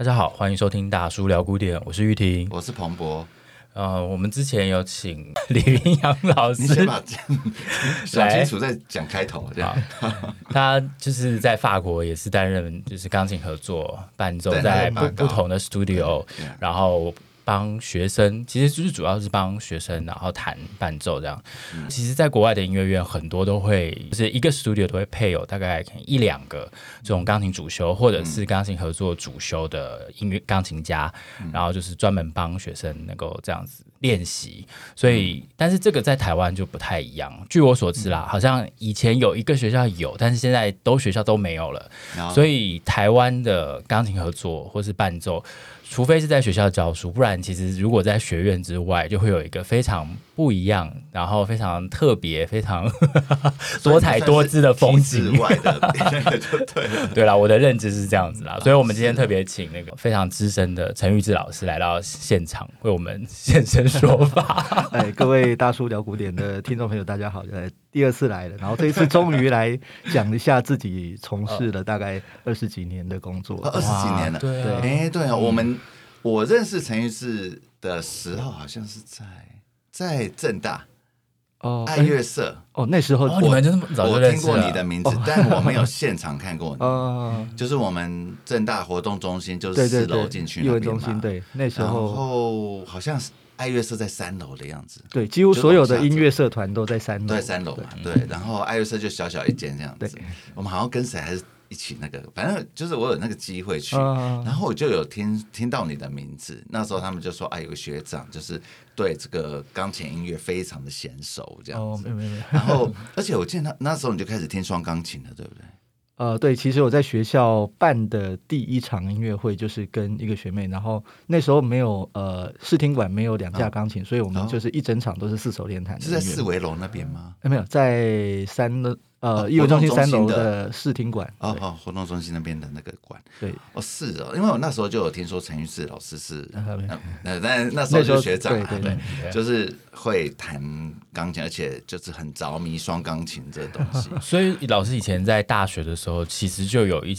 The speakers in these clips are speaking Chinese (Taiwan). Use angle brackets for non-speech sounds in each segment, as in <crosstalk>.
大家好，歡迎收聽大叔聊古典，我是玉婷，我是彭博。呃，我們之前有請李云陽老師來，你先把講清楚，再講開頭。 <laughs> 他就是在法國，也是擔任就是鋼琴合作伴奏在、在不、不同的 studio，yeah. 然後。幫學生其實就是主要是幫學生，然後彈伴奏這樣。嗯、其實，在國外的音樂院很多都會，就是一個 studio 都會配有大概一兩個這種鋼琴主修，或者是鋼琴合作主修的音樂鋼琴家，嗯，然後就是專門幫學生能夠這樣子練習。所以，但是這個在台灣就不太一樣。據我所知啦，嗯，好像以前有一個學校有，但是現在都學校都沒有了。所以，台灣的鋼琴合作或是伴奏，除非是在學校教書，不然其實如果在學院之外，就會有一個非常不一樣，然後非常特別、非常呵呵多彩多姿的風景。外的， <laughs> <laughs> <laughs> 對對了，我的認知是這樣子啦，啊、所以我們今天特別請那個非常資深的陳育志老師來到現場，為我們現身說法。 <laughs> 哎，各位大叔聊古典的聽眾朋友，大家好， <laughs> 第二次來了，然後這一次終於來講一下自己從事了大概二十幾年的工作， <laughs> 二十幾年了，對，哎，對啊，對哦，嗯、我們我認識陳育志的時候，好像是在、哦、在政大哦，愛樂社哦，那時候我們就，早就認識，我聽過你的名字，哦、 <laughs> 但我沒有現場看過你，哦、就是我們政大活動中心，就是四樓進去那邊嘛，對，然後，那時候然後好像是。愛樂社在三樓的樣子，對，幾乎所有的音樂社團都在三樓，在三樓嘛，對三樓嘛對，對。然後愛樂社就小小一間這樣子對。我們好像跟誰還是一起那個，反正就是我有那個機會去，哦、然後我就有聽聽到你的名字。那時候他們就說啊、哎，有個學長就是對這個鋼琴音樂非常的嫻熟這樣子。哦、沒沒沒然後，而且我記得他那時候你就開始聽雙鋼琴了，對不對？呃，對，其實我在學校辦的第一場音樂會就是跟一個學妹，然後那時候沒有呃視聽館沒有兩架鋼琴，哦，所以我們就是一整場都是四手聯彈，哦哦。是在四維樓那邊嗎？哎，沒有，在三的。呃，業、哦、務中心三樓的視聽館哦哦，活動中心那邊的那個館對哦是哦，因為我那時候就有聽說陳育志老師是，那 <laughs> 但那時候就學長 <laughs> 對，對，對，對，對，就是會彈鋼琴，而且就是很着迷雙鋼琴這東西。所以老師以前在大學的時候，其實就有一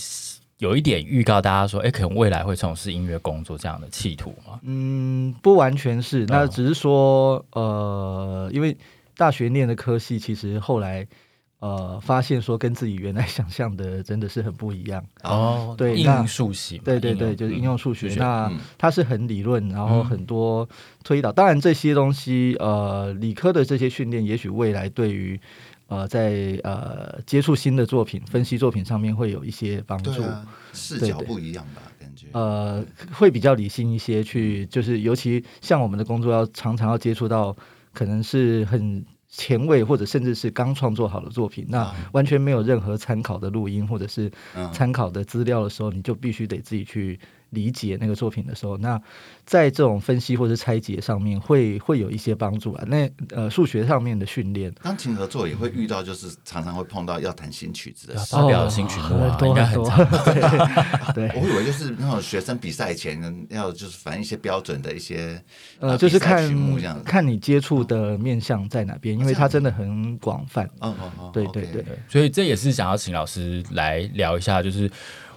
有一點預告大家說，哎、欸，可能未來會從事音樂工作這樣的企圖嗎？嗯，不完全是，那只是說，嗯、呃，因為大學念的科系，其實後來。呃，發現說跟自己原來想象的真的是很不一樣哦。對，那應數對對對，就是應用數學。嗯、那、嗯、它是很理論，然後很多推導、嗯。當然這些東西，呃，理科的這些訓練，也許未來對於呃，在呃接觸新的作品、分析作品上面會有一些幫助、啊。視角不一樣吧，感覺呃，會比較理性一些去。去就是，尤其像我們的工作要，要常常要接觸到，可能是很。前衛或者甚至是剛創作好的作品，那完全沒有任何參考的錄音或者是參考的資料的時候，你就必須得自己去。理解那個作品的時候，那在這種分析或者拆解上面會，會會有一些幫助啊。那呃，數學上面的訓練，鋼琴合作也會遇到，就是常常會碰到要彈新曲子的，發、哦、表新曲目啊，哦、多多應該很多。對，我以為就是那種學生比賽前要就是反映一些標準的一些、啊、呃，就是看看你接觸的面向在哪邊，因為它真的很廣泛。嗯、啊、嗯對、哦哦、對、okay、對、對。所以這也是想要請老師來聊一下，就是。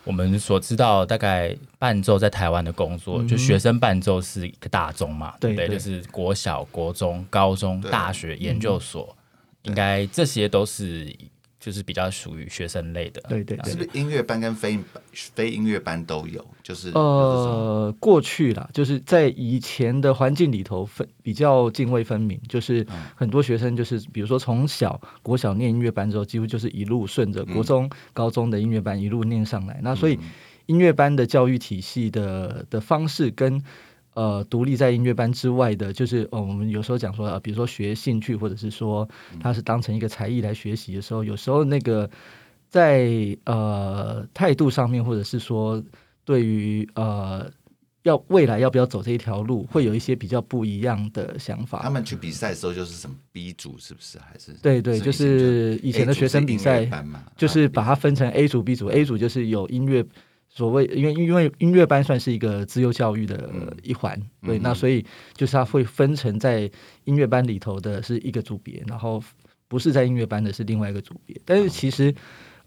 我們所知道大概伴奏在台灣的工作，嗯，就學生伴奏是一個大宗嘛，對不對，對？就是國小、國中、高中、大學、研究所，應該這些都是。就是比較屬於學生類的，對對，對，是不是音樂班跟非非音樂班都有？就是，是呃，過去了，就是在以前的環境裡頭分比較涇渭分明，就是很多學生就是、嗯、比如說從小國小念音樂班之後，幾乎就是一路順着國中、嗯、高中的音樂班一路念上來，那所以音樂班的教育體系的的方式跟。呃，獨立在音樂班之外的，就是、嗯、我們有時候講說、呃，比如說學興趣，或者是說他是當成一個才藝來學習的時候、嗯，有時候那個在呃態度上面，或者是說對於呃要未來要不要走這一條路，會有一些比較不一樣的想法。他們去比賽的時候就是什麼 B 組是不是？還是對，對對，是就是以前的學生比賽就是把它分成 A 組 B 組，A、啊、組就是有音樂。所謂，因為因為音樂班算是一個資優教育的一環、嗯，對，那所以就是它會分成在音樂班裡頭的是一個組別，然後不是在音樂班的是另外一個組別。但是其實，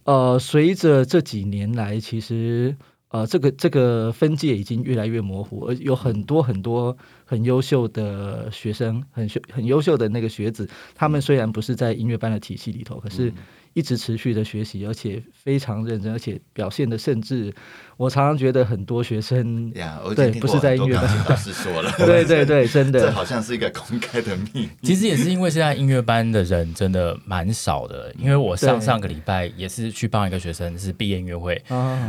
哦、呃，隨着這幾年來，其實呃，這個這個分界已經越來越模糊，而有很多很多很優秀的學生，很很優秀的那個學子，他們雖然不是在音樂班的體系裡頭，可是。嗯一直持續的學習，而且非常認真，而且表現的甚至，我常常覺得很多學生，且、yeah, 不是在音樂班。老師說了， <laughs> 對 <laughs> 對對，對，真的，這好像是一個公開的秘密。其實也是因為現在音樂班的人真的蠻少的， <laughs> 因為我上 <laughs> 上個禮拜也是去幫一個學生是畢業音樂會，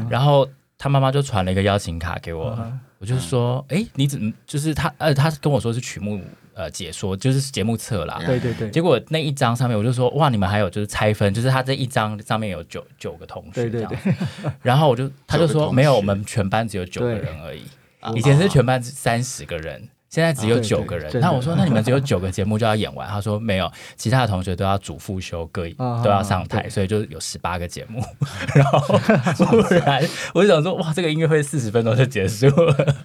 然後他媽媽就傳了一個邀請卡給我， <laughs> 我就說，哎、嗯，你怎麼，就是他，呃，他跟我說是曲目。呃，解說就是節目冊啦，對對對。結果那一張上面，我就說哇，你們還有就是拆分，就是他這一張上面有九九個同學這樣，對對對。 <laughs> 然後我就他就說沒有，我們全班只有九個人而已，以前是全班三十個人。現在只有九個人，啊，對對對，那我說，那你們只有九個節目就要演完？ <laughs> 他說沒有，其他的同學都要主副修各一，啊，都要上台，所以就有十八個節目。然後突然，我就想說，哇，這個音樂會四十分鐘就結束了。嗯 <laughs>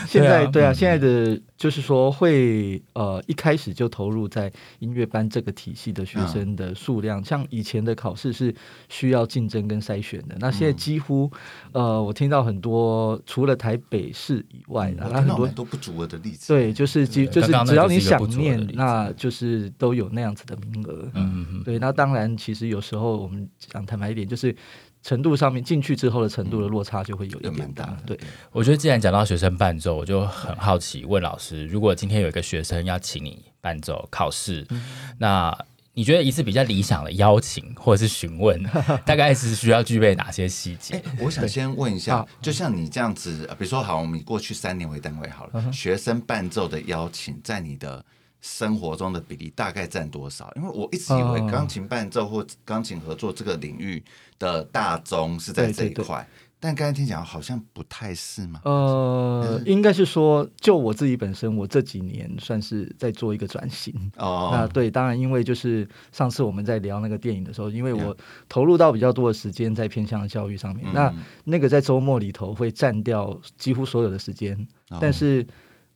啊、現在對啊，現在的就是說會呃一開始就投入在音樂班這個體系的學生的數量，嗯，像以前的考試是需要競爭跟篩選的，那現在幾乎，嗯、呃我聽到很多除了台北市以外的，嗯很多嗯，我看到很多不足額的，的例子。對，就是只就是，就是剛剛就是，只要你想念，那就是都有那樣子的名額。嗯哼哼，對，那當然，其實有時候我們講坦白一點，就是程度上面進去之後的程度的落差就會有一點大。嗯嗯、對，我覺得既然講到學生伴奏，我就很好奇，問老師，如果今天有一個學生要請你伴奏考試，嗯、那。你覺得一次比較理想的邀請或者是詢問，大概是需要具備哪些細節、？ <laughs> 欸，我想先問一下，就像你這樣子，呃、比如說，好，我們以過去三年為單位好了，uh -huh. 學生伴奏的邀請在你的生活中的比例大概佔多少？因為我一直以為鋼琴伴奏或鋼琴合作這個領域的大宗是在這一塊。Uh -huh. 對對對但剛才聽講好像不太是嗎？呃，應該是說，就我自己本身，我這幾年算是在做一個轉型。哦，那對，當然，因為就是上次我們在聊那個電影的時候，因為我投入到比較多的時間在偏向的教育上面，嗯、那那個在周末裡頭會占掉幾乎所有的時間，哦、但是。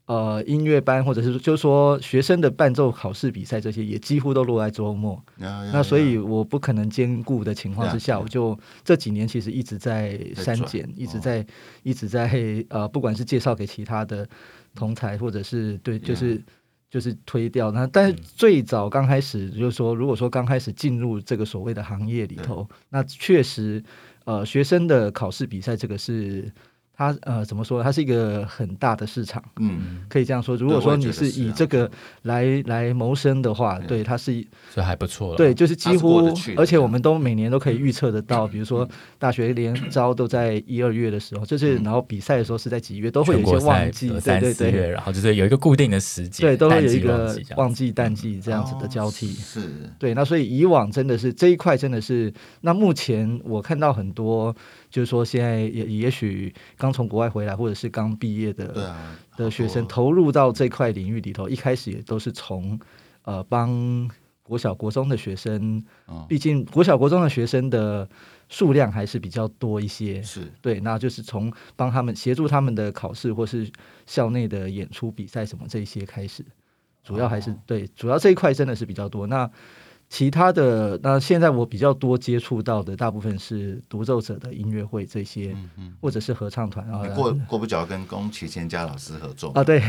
呃，音樂班或者是就是說學生的伴奏考試、比賽這些，也幾乎都落在周末。Yeah, yeah, yeah. 那所以我不可能兼顧的情況之下，我就這幾年其實一直在刪減、yeah, yeah.，一直在一直在呃，不管是介紹給其他的同儕、嗯、或者是對，就是、yeah. 就是推掉。那但是最早剛開始就是說，如果說剛開始進入這個所謂的行業裡頭，嗯、那確實呃，學生的考試、比賽這個是。它呃，怎麼說？它是一個很大的市場，嗯，可以這樣說。如果說你是以這個來、啊、來、來謀生的話，對，它是，是還不錯對，就是幾乎是，而且我們都每年都可以預測得到。嗯嗯，比如說，大學聯招都在一、嗯、二月的時候，就是然後比賽的時候是在幾月，嗯、都會有一些旺季，三四月對對對，然後就是有一個固定的時節對，都會有一個旺季淡季這樣子的交替、哦。是，對。那所以以往真的是這一塊真的是，那目前我看到很多。就是說，現在也也許剛從國外回來，或者是剛畢業的、啊、的學生，投入到這塊領域裡頭，一開始也都是從呃幫國小國中的學生，畢、哦、竟國小國中的學生的數量還是比較多一些，是對。那就是從幫他們協助他們的考試，或是校內的演出比賽什麼這些開始，主要還是、哦、對，主要這一塊真的是比較多。那其他的那現在我比較多接觸到的大部分是獨奏者的音樂會這些，嗯嗯、或者是合唱團啊。你過過不久要跟宮崎千佳老師合作啊？對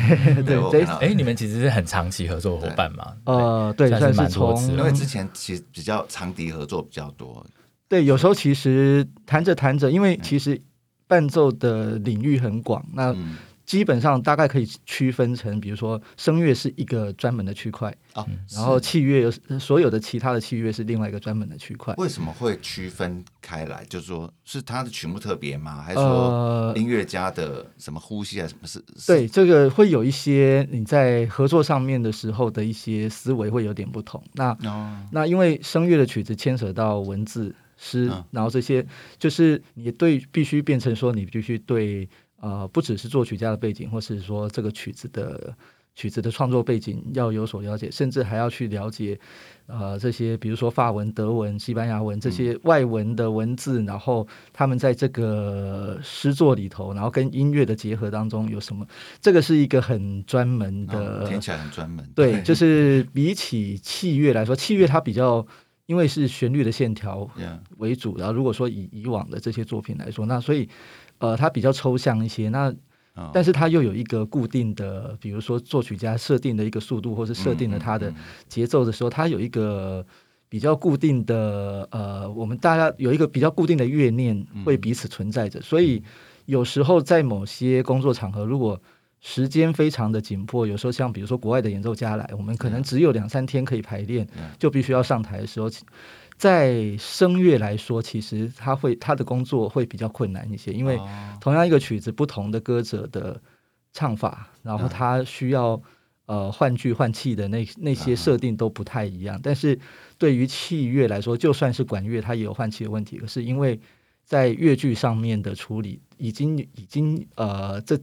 對，哎，你們其實是很長期合作伙伴嘛？呃，對，算是蠻多次、哦、因為之前其實比較長笛合作比較多。對，有時候其實彈着彈着，因為其實伴奏的領域很廣，那。嗯基本上大概可以區分成，比如說聲樂是一個專門的區塊啊，然後器樂有所有的其他的器樂是另外一個專門的區塊。為什麼會區分開來？就是說是它的曲目特別嗎？還是說音樂家的什麼呼吸啊？什麼是、呃？對，這個會有一些你在合作上面的時候的一些思維會有點不同。那、哦、那因為聲樂的曲子牽扯到文字詩、嗯，然後這些就是你對必須變成說你必須對。啊、呃，不只是作曲家的背景，或是說這個曲子的曲子的創作背景要有所了解，甚至還要去了解，呃，這些比如說法文、德文、西班牙文這些外文的文字、嗯，然後他們在這個詩作裡頭，然後跟音樂的結合當中有什麼？這個是一個很專門的，哦、聽起來很專門。對，就是比起器樂來說，器樂它比較因為是旋律的線條為主，然後如果說以以往的這些作品來說，那所以。呃，它比較抽象一些。那，但是它又有一個固定的，比如說作曲家設定的一個速度，或是設定了它的節奏的時候，它有一個比較固定的。呃，我們大家有一個比較固定的樂念會彼此存在着。所以有時候在某些工作場合，如果時間非常的緊迫，有時候像比如說國外的演奏家來，我們可能只有兩三天可以排練，就必須要上台的時候。在聲樂來說，其實他會他的工作會比較困難一些，因為同樣一個曲子，不同的歌者的唱法，然後他需要呃換句換氣的那那些設定都不太一樣。Uh-huh. 但是對於器樂來說，就算是管樂，它也有換氣的問題。可是因為在樂句上面的處理，已經已經呃這。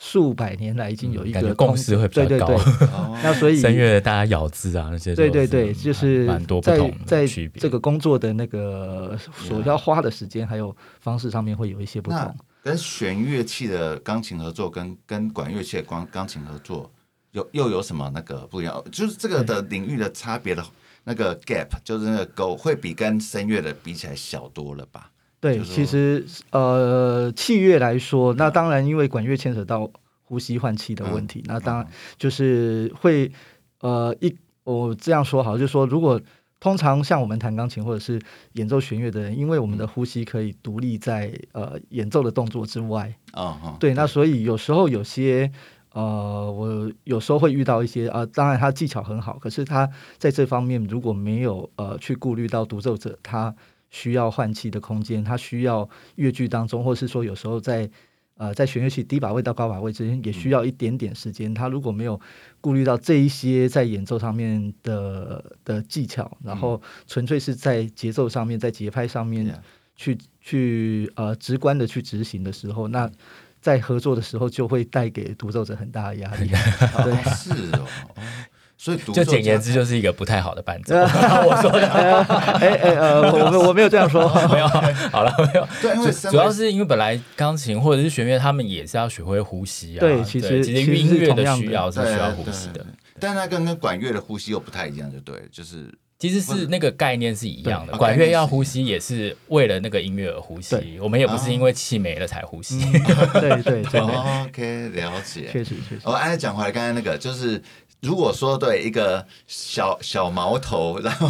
數百年來已經有一個共識、嗯、會比較高對對對， <laughs> 對對對 <laughs> 那所以聲樂大家咬字啊那些，對對對，就是蠻多不同在這個工作的那個所要花的時間還有方式上面會有一些不同。跟弦樂器的鋼琴合作跟跟管樂器的鋼鋼琴合作有又有什麼那個不一樣？就是這個的領域的差別的那個 gap 就是那個溝會比跟聲樂的比起來小多了吧？對、就是，其實呃，器樂來說，那當然，因為管樂牽扯到呼吸換氣的問題，嗯、那當然就是會呃，一我這樣說好，就是說，如果通常像我們彈鋼琴或者是演奏弦樂的人，因為我們的呼吸可以獨立在、嗯、呃演奏的動作之外、嗯、對，那所以有時候有些呃，我有時候會遇到一些啊、呃，當然他技巧很好，可是他在這方面如果沒有呃去顧慮到獨奏者他。需要換氣的空間，他需要樂句當中，或是說有時候在呃在弦樂器低把位到高把位之間，也需要一點點時間、嗯。他如果沒有顧慮到這一些在演奏上面的的技巧，然後純粹是在節奏上面、在節拍上面去、嗯、去、去呃直觀的去執行的時候，那在合作的時候就會帶給獨奏者很大的壓力。對， <laughs> 對哦、是、哦。所以，就簡言之，就是一個不太好的伴奏、呃。伴奏 <laughs> 我，剛剛我說的、欸，哎、欸、哎呃，我我沒有這樣說 <laughs> 沒，沒有，好了，沒有。主要是因為本來鋼琴或者是弦樂，他們也是要學會呼吸啊。對，其實，其實音樂的需要是需要呼吸的，是的，但那跟跟管樂的呼吸又不太一樣，就對，就是其實是那個概念是一樣的。管樂要呼吸也是為了那個音樂而呼吸，我們也不是因為氣沒了才呼吸。對對對， <laughs> 對、哦。OK，了解。確實確實。我講、哦、回來，剛才那個就是。如果說對一個小小毛頭，然後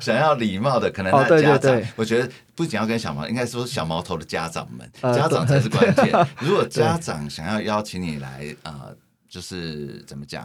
想要禮貌的，呃、可能家長、哦對對對，我覺得不僅要跟小毛，應該是說小毛頭的家長們、呃，家長才是關鍵。如果家長想要邀請你來，呃，就是怎麼講，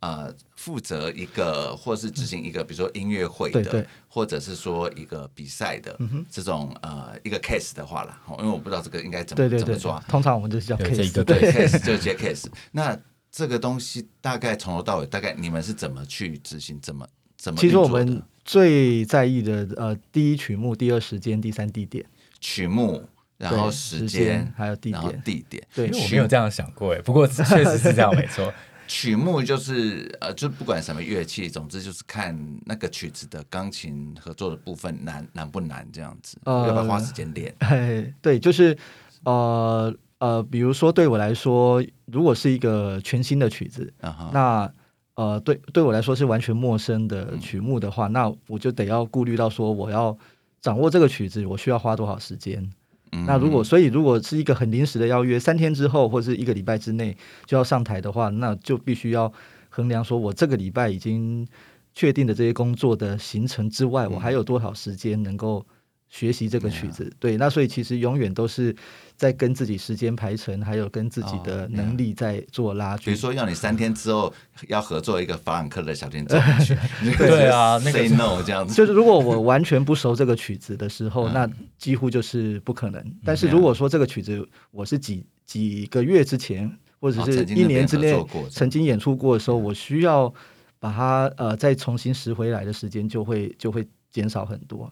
呃，負責一個或是執行一個、嗯，比如說音樂會的對對，或者是說一個比賽的、嗯、這種呃一個 case 的話啦。因為我不知道這個應該怎麼對對對怎麼抓，通常我們就是叫 case，對，對，對，對，對，對 case 就接 case <laughs> 那。這個東西大概從頭到尾，大概你們是怎麼去執行？怎麼怎麼？其實我們最在意的，呃，第一曲目，第二時間，第三地點。曲目，然後時間，還有地點，地點。對，我沒有這樣想過，哎，不過確實是這樣， <laughs> 沒錯。曲目就是，呃，就不管什麼樂器，總之就是看那個曲子的鋼琴合作的部分難難不難，這樣子、呃，要不要花時間練、哎？對，就是，呃。呃，比如說，對我來說，如果是一個全新的曲子，Uh-huh. 那呃，對對我來說是完全陌生的曲目的話，嗯、那我就得要顧慮到說，我要掌握這個曲子，我需要花多少時間？嗯、那如果，所以如果是一個很臨時的邀約，三天之後或者是一個禮拜之內就要上台的話，那就必須要衡量說，我這個禮拜已經確定的這些工作的行程之外，嗯、我還有多少時間能夠？學習這個曲子，yeah. 對，那所以其實永遠都是在跟自己時間排程，還有跟自己的能力在做拉鋸。Oh, yeah. 比如說，要你三天之後要合作一個法朗克的小提琴 <laughs> 個就 <laughs> 對啊，那個 say no 這樣子。就是如果我完全不熟這個曲子的時候， <laughs> 那幾乎就是不可能。Yeah. 但是如果說這個曲子我是幾幾個月之前，或者是一年之內、oh, 曾,經曾經演出過的時候，嗯、我需要把它呃再重新拾回來的時間就會，就會就會。減少很多，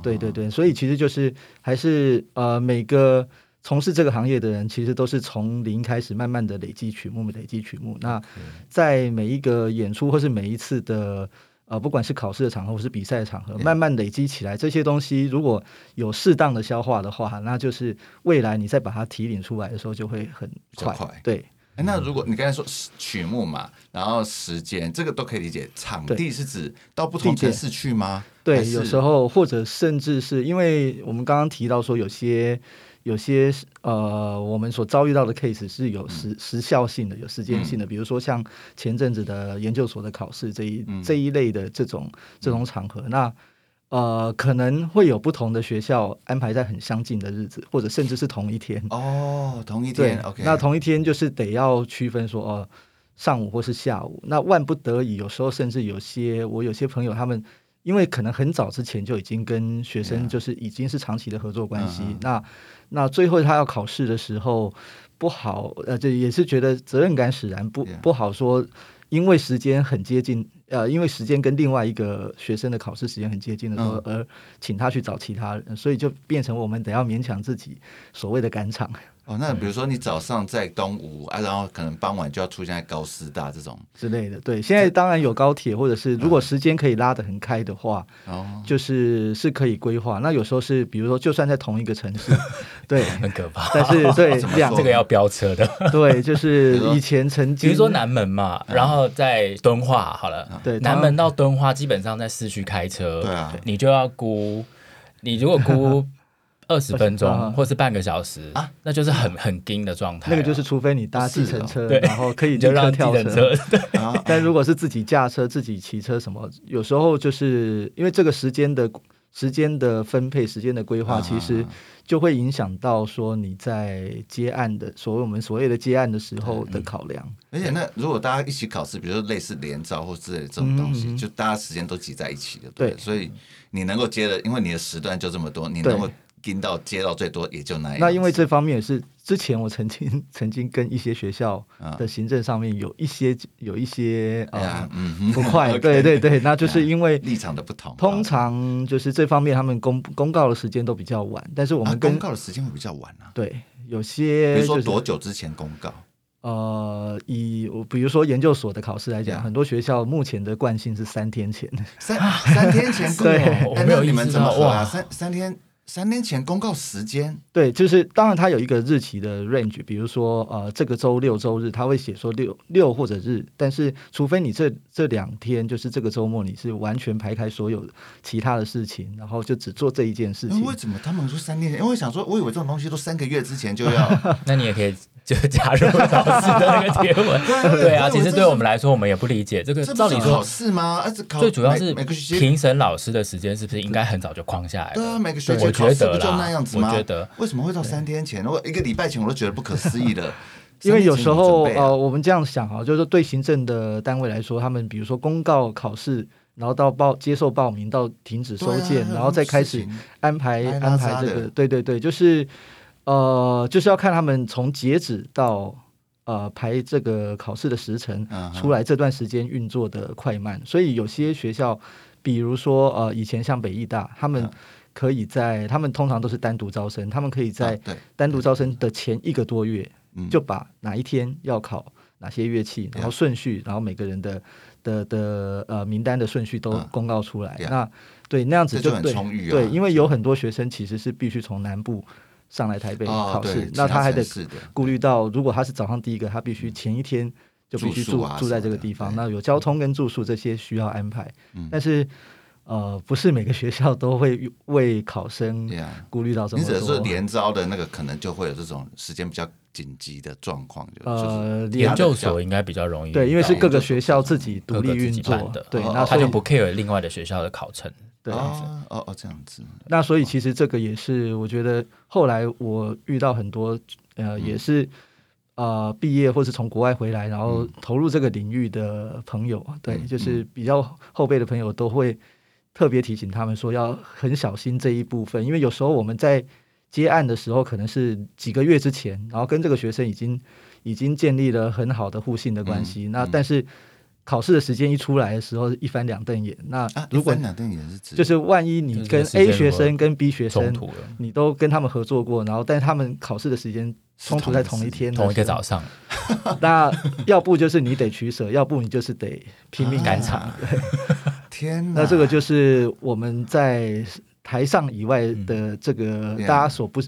對對對，所以其實就是還是呃，每個從事這個行業的人，其實都是從零開始，慢慢的累積曲目，累積曲目。那在每一個演出或是每一次的呃，不管是考試的場合或是比賽的場合，慢慢累積起來這些東西，如果有適當的消化的話，那就是未來你再把它提領出來的時候，就會很快。對。那如果你剛才說曲目嘛，然後時間這個都可以理解。場地是指到不同城市去嗎？對，對，有時候或者甚至是因為我們剛剛提到說有些有些，呃，我們所遭遇到的 case 是有時、嗯、時效性的，有時間性的、嗯。比如說像前陣子的研究所的考試這一、嗯、這一類的這種、嗯、這種場合，那。呃，可能會有不同的學校安排在很相近的日子，或者甚至是同一天。哦，同一天，OK。那同一天就是得要區分說，呃，上午或是下午。那萬不得已，有時候甚至有些，我有些朋友他們，因為可能很早之前就已經跟學生就是已經是長期的合作關係。Yeah. 那那最後他要考試的時候不好，呃，這也是覺得責任感使然，不，yeah. 不好說，因為時間很接近。呃，因為時間跟另外一個學生的考試時間很接近的時候，嗯，而請他去找其他人，所以就變成我們得要勉強自己所謂的趕場。哦，那比如說你早上在東吳啊，然後可能傍晚就要出現在高師大這種之類的。對，現在當然有高鐵，或者是如果時間可以拉得很開的話，嗯、就是是可以規劃。那有時候是比如說，就算在同一個城市， <laughs> 對，很可怕。但是對、哦這樣，這個要飆車的。 <laughs> 對，就是以前曾經比，比如說南門嘛，然後在敦化好了，對、嗯，南門到敦化基本上在市區開車，對、啊對，你就要估，你如果估。 <laughs> 二十分鐘，或是半個小時啊，那就是很、啊、很緊的狀態。那個就是，除非你搭計程車、哦，然後可以就讓他跳車， <laughs> 你車。但如果是自己駕車、嗯、自己騎車什麼，有時候就是因為這個時間的、時間的分配、時間的規劃，其實就會影響到說你在接案的所謂我們所謂的接案的時候的考量。嗯嗯、而且，那如果大家一起考試，比如說類似聯招或之類這種東西，嗯、就大家時間都擠在一起的。對。所以你能夠接的，因為你的時段就這麼多，你能夠。聽到接到最多也就那那，因為這方面也是之前我曾經曾經跟一些學校的行政上面有一些有一些，有一些、呃哎、嗯，不快，okay, 對對對，那就是因為、哎、立場的不同。通常就是這方面他們公公告的時間都比較晚，但是我們、啊、公告的時間會比較晚啊。對，有些、就是、比如說多久之前公告？呃，以比如說研究所的考試來講、嗯，很多學校目前的慣性是三天前，三、啊、三天前公告，對那沒有你們怎麼說啊，三三天。三天前公告時間，對，就是當然他有一個日期的 range，比如說呃這個週六週日，他會寫說六六或者日，但是除非你這這兩天就是這個週末，你是完全排開所有其他的事情，然後就只做這一件事情、嗯。為什麼他們說三天？因為我想說，我以為這種東西都三個月之前就要。 <laughs> <laughs> 那你也可以就假加入老師的那個結論 <laughs> <laughs> 對，對，對啊，其實對我們來說，我們也不理解 <laughs> 這個。到底是，這不是考試嗎？最、啊、主要是評審老師的時間是不是應該很早就框下來？對啊，每個學期。覺得不就那樣子嗎？覺得為什麼會到三天前，我一個禮拜前我都覺得不可思議的。 <laughs> 因為有時候、嗯、呃，我們這樣想啊，就是說對行政的單位來說，他們比如說公告考試，然後到報接受報名，到停止收件，啊、然後再開始安排安排這個拉拉，對對對，就是呃，就是要看他們從截止到呃排這個考試的時程、uh -huh. 出來這段時間運作的快慢。所以有些學校，比如說呃以前像北藝大，他們。Uh -huh. 可以在，他們通常都是單獨招生，他們可以在單獨招生的前一個多月就把哪一天要考哪些樂器，嗯、然後順序，然後每個人的的的，的呃名單的順序都公告出來。嗯、那對那樣子就，就很充裕，啊，對，對，因為有很多學生其實是必須從南部上來台北考試，哦、那他還得顧慮到，如果他是早上第一個，他必須前一天就必須住住、啊、住在這個地方，那有交通跟住宿這些需要安排。嗯、但是。呃，不是每個學校都會為考生顧慮到這麼，yeah, 你指的是聯招的那個，可能就會有這種時間比較緊急的狀況，就是。呃，研究所應該比較容易，對，因為是各個學校自己獨立運作的，對，那他就不 care 另外的學校的考程。對，哦哦，哦，這樣子。那所以其實這個也是，我覺得後來我遇到很多，呃，嗯、也是呃畢業或是從國外回來，然後投入這個領域的朋友，嗯、對，就是比較後輩的朋友都會。特別提醒他們說，要很小心這一部分，因為有時候我們在接案的時候可能是幾個月之前，然後跟這個學生已經已經建立了很好的互信的關係，嗯。那但是考試的時間一出來的時候，一翻兩瞪眼。那如果兩瞪眼是就是萬一你跟 A 學生跟 B 學生，你都跟他們合作過，然後但他們考試的時間。衝突在同一天同一，同一個早上， <laughs> 那要不就是你得取捨， <laughs> 要不你就是得拼命趕、啊、場。對，天哪，那這個就是我們在台上以外的這個大家所不。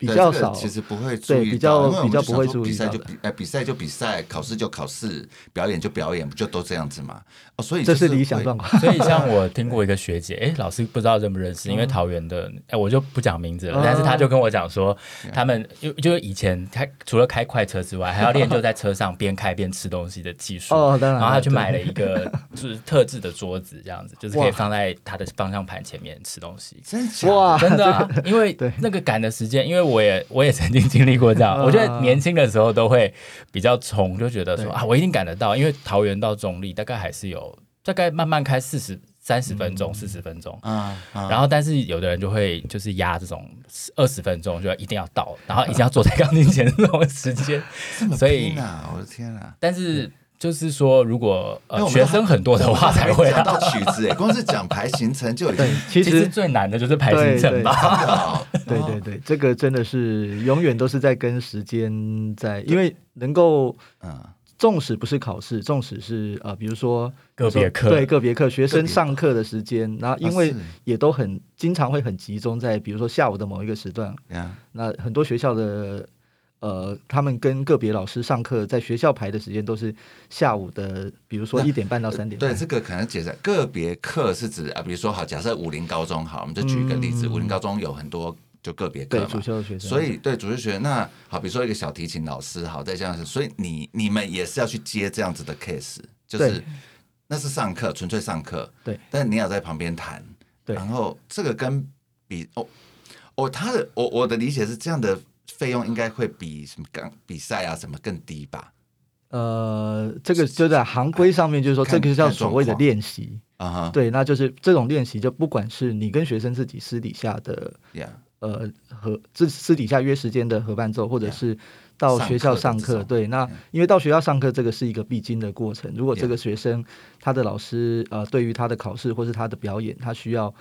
比較少，這個、其實不會注意，對比較比，比，比較不會注意、欸、比賽就比賽就比賽，考試就考試，表演就表演，不就都這樣子嘛。哦，所以是這是理想狀況。所以像我聽過一個學姐，哎、欸，老師不知道認不認識，因為桃園的，哎、欸，我就不講名字了、嗯。但是他就跟我講說、嗯，他們又就是以前開除了開快車之外，還要練就在車上邊開邊吃東西的技術。哦，當然。然後他就買了一個就是特制的桌子，這樣子就是可以放在他的方向盤前面吃東西。真巧、啊，真的、啊，因為那個趕的時間，因為。我也我也曾經經歷過這樣，我覺得年輕的時候都會比較衝， <laughs> 就覺得說啊，我一定趕得到，因為桃園到中壢大概還是有大概慢慢開四十三十分鐘、四、嗯、十分鐘，啊、嗯嗯，然後但是有的人就會就是壓這種二十分鐘，就要一定要到，然後一定要坐在鋼琴前的 <laughs> 那種時間、啊，所以，我的天吶、啊，但是。嗯就是說，如果呃因為，我們學生很多的話才會、啊、到曲子， <laughs> 光是講排行程就已經其，其實最難的就是排行程吧，對對對， <laughs> 對對對，這個真的是永遠都是在跟時間在，因為能夠嗯，縱使不是考試，縱使是啊、呃，比如說個別課對個別課，學生上課的時間，然後因為也都很經常會很集中在比如說下午的某一個時段，啊、那很多學校的。呃，他們跟個別老師上課，在學校排的時間都是下午的，比如說一點半到三點半，呃。對，這個可能解釋個別課是指啊，比如說好，假設武陵高中哈，我們就舉一個例子，嗯，武陵高中有很多就個別課嘛。對，主修的學生。所以對，對，對主修學生，那好，比如說一個小提琴老師好，在這樣子，所以你你們也是要去接這樣子的 case，就是那是上課，純粹上課。對。但你要在旁邊彈，對。然後這個跟比哦哦，他的我、哦、我的理解是這樣的。費用應該會比什麼比賽啊什麼更低吧？呃，這個就在行規上面，就是說這個是叫所謂的練習啊，uh -huh. 對，那就是這種練習，就不管是你跟學生自己私底下的，yeah. 呃，和這私底下約時間的合伴奏，或者是到學校上課，yeah.，對，那因為到學校上課這個是一個必經的過程。如果這個學生、yeah. 他的老師呃，對於他的考試或是他的表演，他需要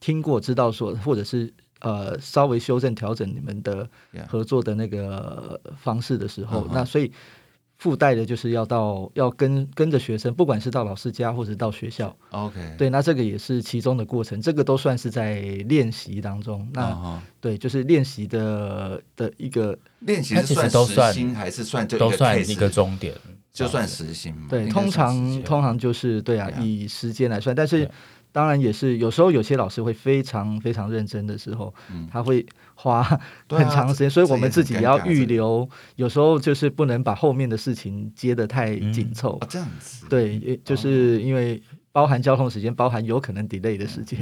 聽過知道說，或者是。呃，稍微修正調整你們的合作的那個方式的時候，yeah. uh -huh. 那所以附帶的就是要到要跟跟着學生，不管是到老師家或者是到學校，OK，對，那這個也是其中的過程，這個都算是在練習當中。Uh -huh. 那對，就是練習的的一個練習，uh -huh. 其實都算，是都算一個鐘點，就算時薪。對，通常通常就是對啊，yeah. 以時間來算，但是。Yeah. 當然也是，有時候有些老師會非常非常認真的時候，嗯、他會花很長時間，啊，所以我們自己也要預留。有時候就是不能把後面的事情接得太緊湊，嗯哦。這樣子，對，嗯，就是因為包含交通時間，嗯，包含有可能 delay 的時間。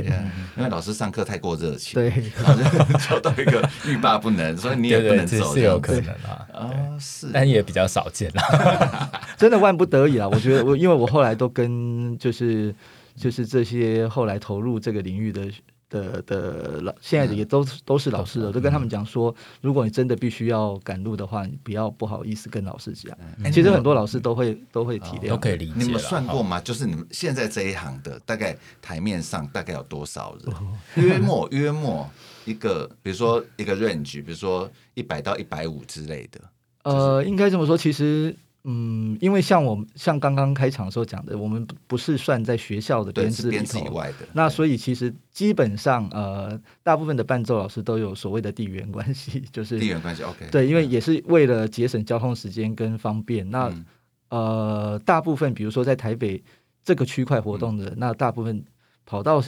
因為老師上課太過熱情，嗯，對，好像教到一個欲罷不能， <laughs> 所以你也不能走，這樣子啊，啊是，但也比較少見了。 <laughs> <laughs> 真的萬不得已了，我覺得我因為我後來都跟就是。就是這些後來投入這個領域的的的老，現在的也都、嗯、都是老師了、嗯，我都跟他們講說、嗯，如果你真的必須要趕路的話，你不要不好意思跟老師講、嗯。其實很多老師都會、嗯、都會體諒，都可以理解啦。你們算過嗎？就是你們現在這一行的大概台面上大概有多少人？哦、約莫約莫一個，比如說一個 range，比如說一百到一百五之類的。就是、呃，應該這麼說，其實。嗯，因為像我們像剛剛開場的時候講的，我們不是算在學校的編制裡頭以外的，那所以其實基本上呃，大部分的伴奏老師都有所謂的地緣關係，就是地緣關係 OK。對，因為也是為了節省交通時間跟方便。嗯、那呃，大部分比如說在台北這個區塊活動的，嗯、那大部分跑到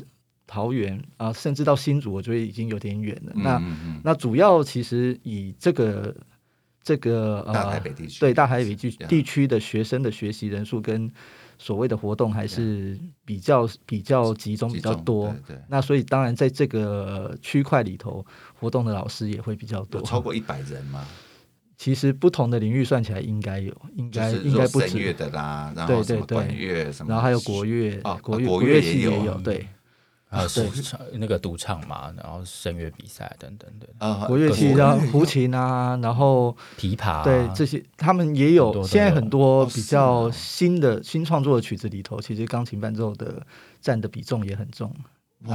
桃園啊、呃，甚至到新竹，我覺得已經有點遠了。嗯嗯嗯，那那主要其實以這個。這個呃，對，大台北地區地區的學生的學習人數跟所謂的活動還是比較、yeah. 比較集中比較多。那所以當然在這個區塊裡頭，活動的老師也會比較多，超過一百人嘛。其實不同的領域算起來應該有，應該應該不止的啦。管樂對，對，對。然後還有國樂、哦、國樂樂、啊、系也有、嗯、對。是啊，獨那個獨唱嘛，然後聲樂比賽等等等、哦、啊，國樂器的胡琴啊，然後琵琶、啊，對這些他們也有，有。現在很多比較新的、哦啊、新創作的曲子裡頭，其實鋼琴伴奏的占的比重也很重。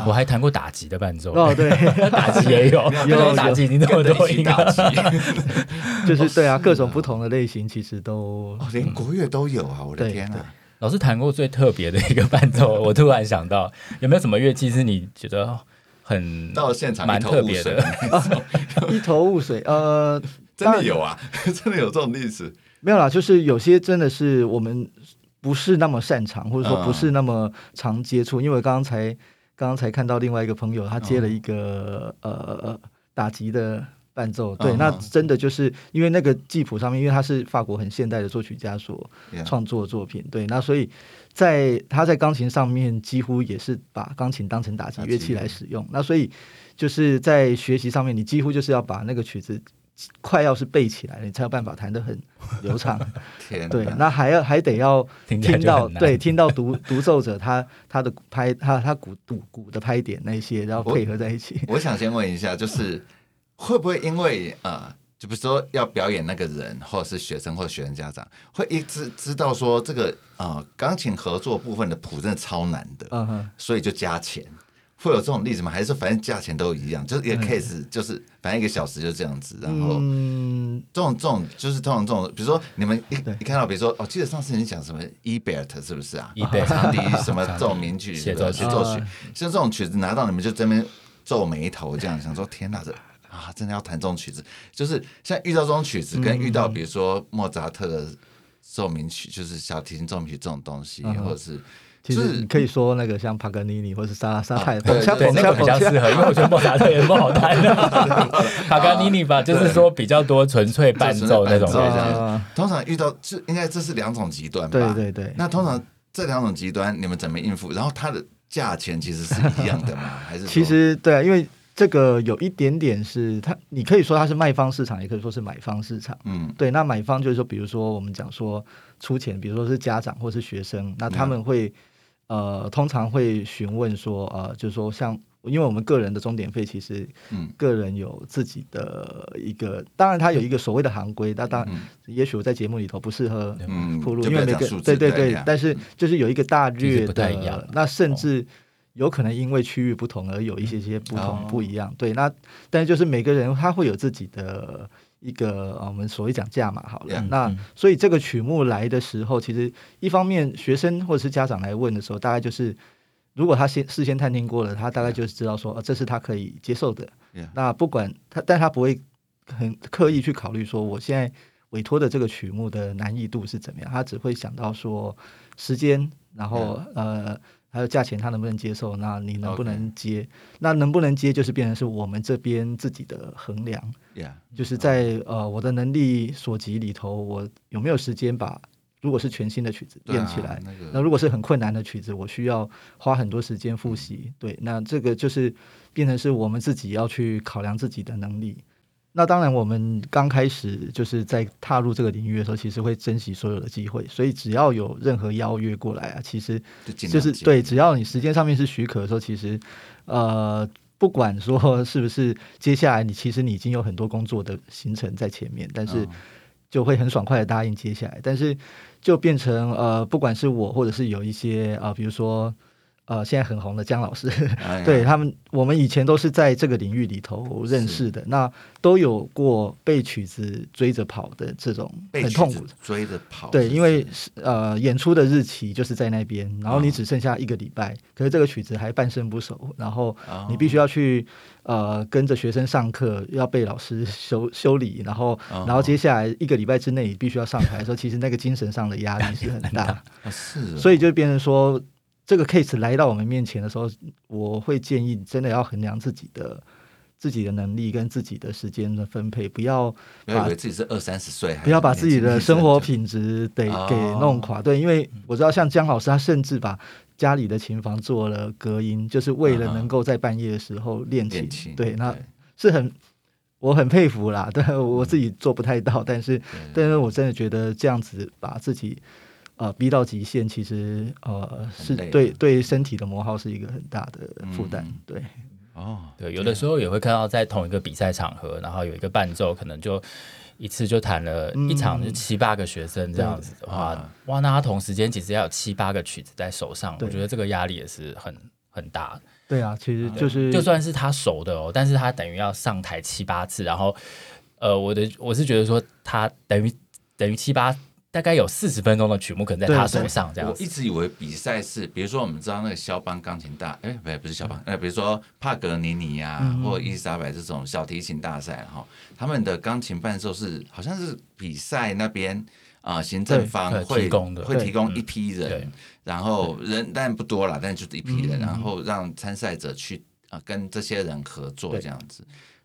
我還彈過打擊的伴奏哦，對，打擊也有， <laughs> 有，有打擊，你懂麼都會打擊？ <laughs> 就是對、哦、啊，各種不同的類型，其實都、哦啊嗯、連國樂都有啊！我的天吶、啊。老師彈過最特別的一個伴奏， <laughs> 我突然想到，有沒有什麼樂器是你覺得很到現場蠻特別的 <laughs> 、啊？一頭霧水？呃，真的有啊，真的有這種例子沒有啦？就是有些真的是我們不是那麼擅長，或者說不是那麼常接觸、嗯嗯。因為剛才剛才看到另外一個朋友，他接了一個、嗯、呃呃打擊的。伴奏對，uh -huh. 那真的就是因為那個記譜上面，因為他是法國很現代的作曲家所創作的作品，yeah. 對，那所以在他在鋼琴上面幾乎也是把鋼琴當成打擊樂器來使用，那所以就是在學習上面，你幾乎就是要把那個曲子快要是背起來了，你才有辦法彈得很流暢。 <laughs> 天，對，那還要還得要聽到聽對聽到獨獨奏者，他 <laughs> 他的拍他他鼓鼓鼓的拍點那些，然後配合在一起。我，我想先問一下，就是。會不會因為呃，就比如說要表演那個人，或者是學生或者學生家長，會一直知道說這個呃鋼琴合作部分的譜真的超難的，uh -huh. 所以就加錢會有這種例子嗎？還是反正價錢都一樣，就是一個 case，就是反正一個小時就這樣子。Mm -hmm. 然後這種這種就是通常這種，比如說你們一你看到比如說，哦，記得上次你講什麼 Ebert 是不是啊？Ebert、uh -huh. 什麼這種名曲是是、uh -huh. 作曲，協奏曲，像這種曲子拿到你們就這邊皺眉頭這樣、uh -huh. 想說，天哪，這。啊，真的要彈這種曲子，就是像遇到這種曲子，跟遇到比如說莫扎特的奏鳴曲，就是小提琴奏鳴曲這種東西，嗯嗯、或者是就是可以說那個像帕格尼尼，或是沙拉、啊、沙泰、啊、對、嗯、對，那個比較適合、啊，因為我覺得莫扎特也不好彈、啊。帕格尼尼吧，啊啊就是、就是說比較多純粹伴奏，對伴奏、啊、那種、啊啊。通常遇到這應該這是兩種極端吧？對，對對對。那通常這兩種極端，你們怎麼應付？然後它的價錢其實是一樣的嘛，還是其實對，啊，因為。這個有一點點是它，你可以說它是賣方市場，也可以說是買方市場。嗯、對。那買方就是說，比如說我們講說出錢，比如說是家長或是學生，那他們會、嗯、呃，通常會詢問說，呃，就是說像，因為我們個人的鐘點費其實，個人有自己的一個，嗯、當然他有一個所謂的行規，嗯、那當然，也許我在節目裡頭不適合披露、嗯，因為對對對,對、嗯，但是就是有一個大略的，不太一樣那甚至。哦有可能因為區域不同而有一些些不同不一樣，嗯哦、對。那但就是每個人他會有自己的一個、哦、我們所謂講價嘛，好了。嗯、那、嗯、所以這個曲目來的時候，其實一方面學生或者是家長來問的時候，大概就是如果他先事先探聽過了，他大概就是知道說，嗯、這是他可以接受的。嗯、那不管他，但他不會很刻意去考慮說，我現在委託的這個曲目的難易度是怎麼樣，他只會想到說時間，然後、嗯、呃。還有價錢，他能不能接受？那你能不能接？Okay. 那能不能接，就是變成是我們這邊自己的衡量。Yeah. 就是在、okay. 呃，我的能力所及裡頭，我有沒有時間把如果是全新的曲子練、對啊、起來、那個？那如果是很困難的曲子，我需要花很多時間複習、嗯。對，那這個就是變成是我們自己要去考量自己的能力。那當然，我們剛開始就是在踏入這個領域的時候，其實會珍惜所有的機會。所以，只要有任何邀約過來啊，其實就是對，只要你時間上面是許可的時候，其實呃，不管說是不是接下來你，其實你已經有很多工作的行程在前面，但是就會很爽快的答應接下來。但是就變成呃，不管是我或者是有一些啊、呃，比如說。呃，現在很紅的姜老師，哎、 <laughs> 對，他們，我們以前都是在這個領域裡頭認識的，那都有過被曲子追着跑的這種很痛苦的，追着跑對。對，因為是呃，演出的日期就是在那邊，然後你只剩下一個禮拜，哦、可是這個曲子還半生不熟，然後你必須要去呃跟着學生上課，要被老師修修理，然後然後接下來一個禮拜之內你必須要上台的時候， <laughs> 其實那個精神上的壓力是很大， <laughs> 啊、是、哦，所以就變成說。這個 case 來到我們面前的時候，我會建議真的要衡量自己的自己的能力跟自己的時間的分配，不要把要以為自己是二三十歲，不要把自己的生活品質得給弄垮。哦、對，因為我知道像江老師，他甚至把家裡的琴房做了隔音，就是為了能夠在半夜的時候練琴、嗯。對，那是很我很佩服啦，但我自己做不太到，但是但是我真的覺得這樣子把自己，呃，逼到極限，其實呃、啊、是對對身體的磨耗是一個很大的負擔、嗯，對。哦，對，有的時候也會看到在同一個比賽場合，然後有一個伴奏，可能就一次就彈了一場就七八個學生這樣子的話，嗯啊、哇，那他同時間其實要有七八個曲子在手上，我覺得這個壓力也是很很大。對啊，其實就是就算是他熟的哦，但是他等於要上台七八次，然後呃，我的我是覺得說他等於等於七八。大概有四十分鐘的曲目可能在他手上這樣，對對對。我一直以為比賽是，比如說我們知道那個肖邦鋼琴大，哎、欸，不是不是肖邦，哎、呃，比如說帕格尼尼呀、啊嗯，或伊莉莎白這種小提琴大賽哈，他們的鋼琴伴奏是好像是比賽那邊啊、呃，行政方會、呃、提供會提供一批人，嗯、然後人但不多啦，但就是一批人，嗯、然後讓參賽者去啊、呃、跟這些人合作這樣子。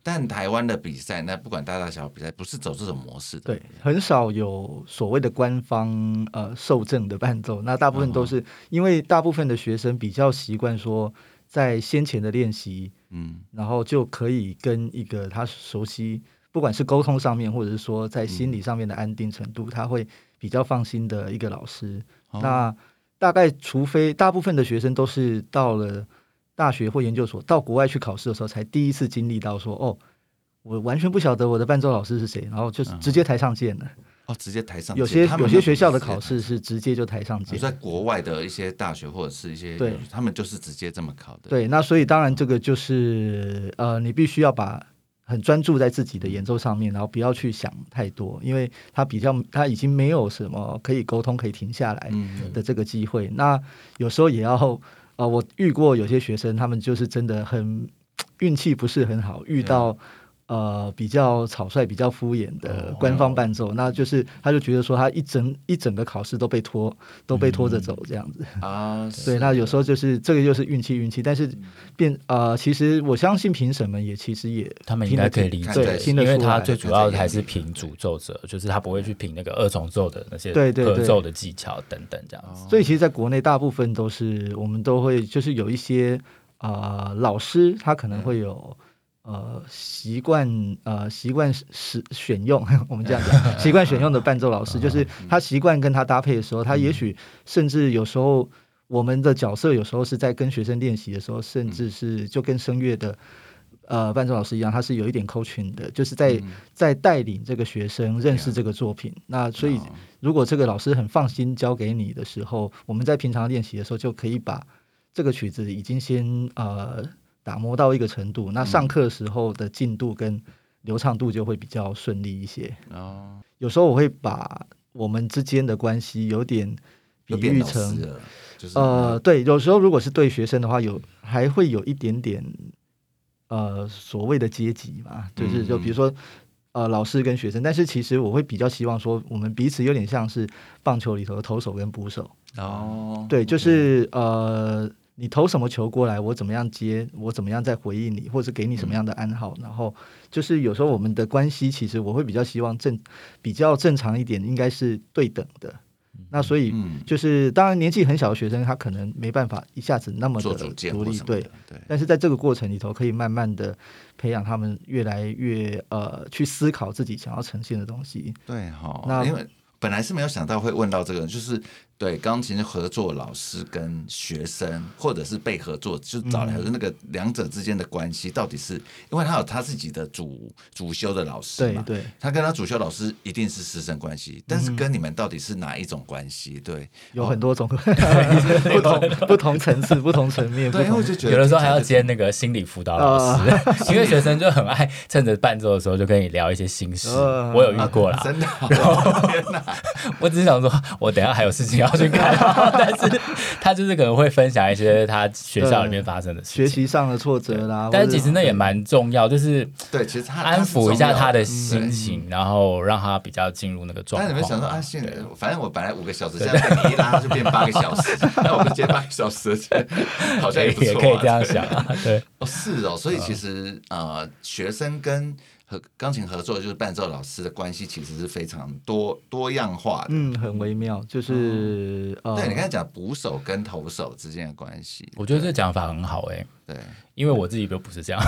但台灣的比賽，那不管大大小小比賽，不是走這種模式的。對，很少有所謂的官方呃受贈的伴奏。那大部分都是哦哦因為大部分的學生比較習慣說，在先前的練習，嗯，然後就可以跟一個他熟悉，不管是溝通上面，或者是說在心理上面的安定程度，嗯、他會比較放心的一個老師。哦、那大概，除非大部分的學生都是到了。大學或研究所到國外去考試的時候，才第一次經歷到說：“哦，我完全不曉得我的伴奏老師是誰。”然後就是直接台上見了，嗯、哦，直接台上見有些有，有些學校的考試是直接就台上見。啊、在國外的一些大學或者是一些對，他們就是直接這麼考的。對，那所以當然這個就是呃，你必須要把很專注在自己的演奏上面，然後不要去想太多，因為他比較他已經沒有什麼可以溝通可以停下來的這個機會，嗯嗯。那有時候也要。啊、哦，我遇過有些學生，他們就是真的很運氣不是很好，遇到。呃，比較草率、比較敷衍的官方伴奏，哦、那就是他就覺得說他一整一整個考試都被拖都被拖着走這樣子、嗯、啊， <laughs> 對，那有時候就是這個就是運氣運氣，但是變呃，其實我相信評審們也其實也他們應該可以理解，因為他最主要的還是評主奏者，就是他不會去評那個二重奏的那些對，合奏的技巧等等這樣子。對對對哦、所以其實，在國內大部分都是我們都會就是有一些呃老師，他可能會有。嗯呃，習慣呃，習慣是選用我們這樣講， <laughs> 習慣選用的伴奏老師， <laughs> 就是他習慣跟他搭配的時候，他也許甚至有時候我們的角色有時候是在跟學生練習的時候、嗯，甚至是就跟聲樂的呃伴奏老師一樣，他是有一點 coaching 的，就是在、嗯、在帶領這個學生認識這個作品。嗯、那所以，如果這個老師很放心交給你的時候，嗯、我們在平常練習的時候就可以把這個曲子已經先呃。打磨到一個程度，那上課時候的進度跟流暢度就會比較順利一些。哦、嗯，有時候我會把我們之間的關係有點比喻成，就是、呃，對，有時候如果是對學生的話，有還會有一點點呃所謂的階級嘛，就是就比如說嗯嗯呃老師跟學生，但是其實我會比較希望說，我們彼此有點像是棒球裡頭的投手跟捕手。哦、嗯，對，就是、嗯、呃。你投什麼球過來？我怎麼樣接？我怎麼樣再回應你，或者給你什麼樣的暗號、嗯？然後就是有時候我們的關係，其實我會比較希望正比較正常一點，應該是對等的、嗯。那所以就是，嗯、當然年紀很小的學生，他可能沒辦法一下子那麼的獨立。對，對。但是在這個過程裡頭，可以慢慢的培養他們越來越呃，去思考自己想要呈現的東西。對好、哦，那因為本來是沒有想到會問到這個，人，就是。對鋼琴合作的老師跟學生，或者是被合作，就找來是那個兩者之間的關係，嗯、到底是因為他有他自己的主主修的老師嘛？對對，他跟他主修老師一定是師生關係、嗯，但是跟你們到底是哪一種關係？對，有很多種，對 <laughs> 不同 <laughs> 不同層次、 <laughs> 不同層面。對，因為我就覺得，有的時候還要接那個心理輔導老師， <laughs> 因為學生就很愛趁着伴奏的時候就跟你聊一些心事、呃，我有遇過了，啊、真的、啊。天哪 <laughs> 我只是想說，我等一下還有事情要。我 <laughs> 去看，但是他就是可能會分享一些他學校裡面發生的事情，學習上的挫折啦。但是其實那也蠻重要，就是對，其實他安撫一下他的心情，心情嗯、然後讓他比較進入那個狀態。你們想說啊，現在反正我本來五個小時，現在你一拉就變八個小時，那 <laughs> 我們今天八個小時，好像也、啊、也可以這樣想、啊。對、對、對、哦，是哦，所以其實呃，學生跟。和鋼琴合作就是伴奏老師的關係，其實是非常多多樣化的。嗯，很微妙，就是、嗯、對、呃、你剛才講捕手跟投手之間的關係，我覺得這講法很好、欸。哎，對，因為我自己都不是這樣。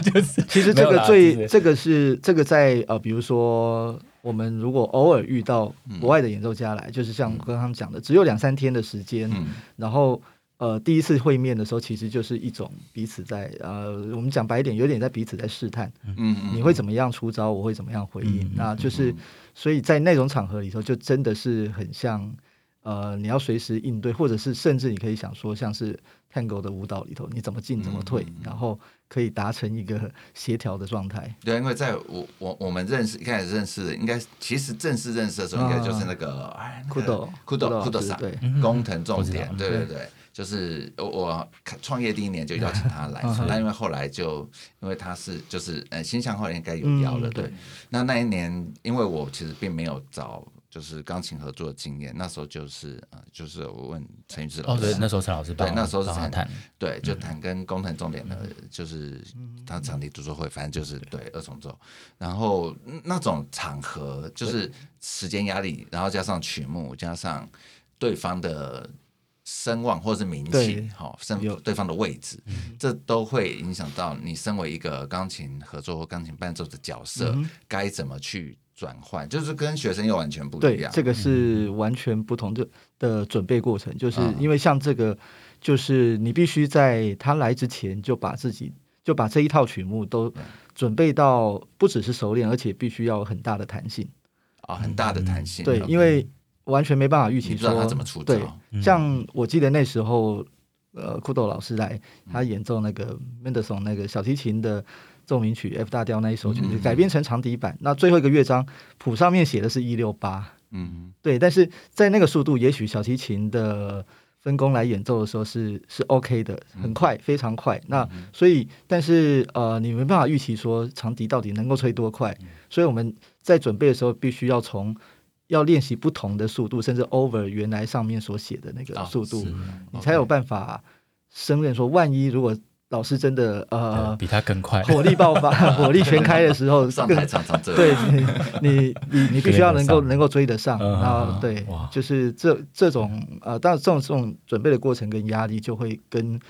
<laughs> <laughs> <laughs> <laughs> 其實這個最這個是這個在呃，比如說我們如果偶爾遇到國外的演奏家來，嗯、就是像我剛剛講的，只有兩三天的時間，嗯、然後。呃，第一次會面的時候，其實就是一種彼此在呃，我們講白一點，有點在彼此在試探嗯嗯，你會怎麼樣出招，我會怎麼樣回應，嗯嗯，那就是嗯嗯，所以在那種場合裡頭，就真的是很像，呃，你要隨時應對，或者是甚至你可以想說，像是 Tango 的舞蹈裡頭，你怎麼進怎麼退嗯嗯，然後可以達成一個協調的狀態。對，因為在我我我們認識一開始認識，應該其實正式認識的時候，應該就是那個酷豆酷豆酷豆對，工藤重典，對對對。對對就是我我創業第一年就邀請他來，那、啊、因為後來就因為他是就是呃、欸、新向後來應該有邀了，嗯、對，那那一年因為我其實並沒有找就是鋼琴合作的經驗，那時候就是呃就是我問陳育志老師，哦、對，那時候陳老師對那時候是彈，嗯、對就彈跟工藤重點的、嗯、就是他場地獨奏會。反正就是對二重奏，然後那種場合就是時間壓力，然後加上曲目，加上對方的。聲望或是名氣，好、哦，身對方的位置、嗯，這都會影響到你身為一個鋼琴合作或鋼琴伴奏的角色、嗯、該怎麼去轉換，就是跟學生又完全不一樣。對，這個是完全不同的的準備過程、嗯，就是因為像這個，就是你必須在他來之前就把自己就把這一套曲目都準備到，不只是熟練，而且必須要很大的彈性啊、嗯嗯，很大的彈性。對，因、嗯、為。Okay 完全沒辦法預期說，他怎麼處理。對、嗯，像我記得那時候、呃，酷豆老師來，他演奏那個 Mendelssohn 那個小提琴的奏鳴曲 F 大調那一首曲，就改編成長笛版，嗯嗯嗯。那最後一個樂章譜上面寫的是一六八，嗯，對。但是在那個速度，也許小提琴的分工來演奏的時候是是 OK 的，很快，非常快。嗯嗯嗯，那所以，但是呃，你沒辦法預期說長笛到底能夠吹多快。所以我們在準備的時候，必須要從。要練習不同的速度，甚至 over 原來上面所寫的那個速度，哦、你才有辦法勝任。說萬一如果老師真的、嗯、呃比他更快，火力爆發、 <laughs> 火力全開的時候，上台長長這樣，對，你你你必須要能夠能夠追得上。嗯、然後對，就是這這種呃，當然這種這種準備的過程跟壓力就會跟。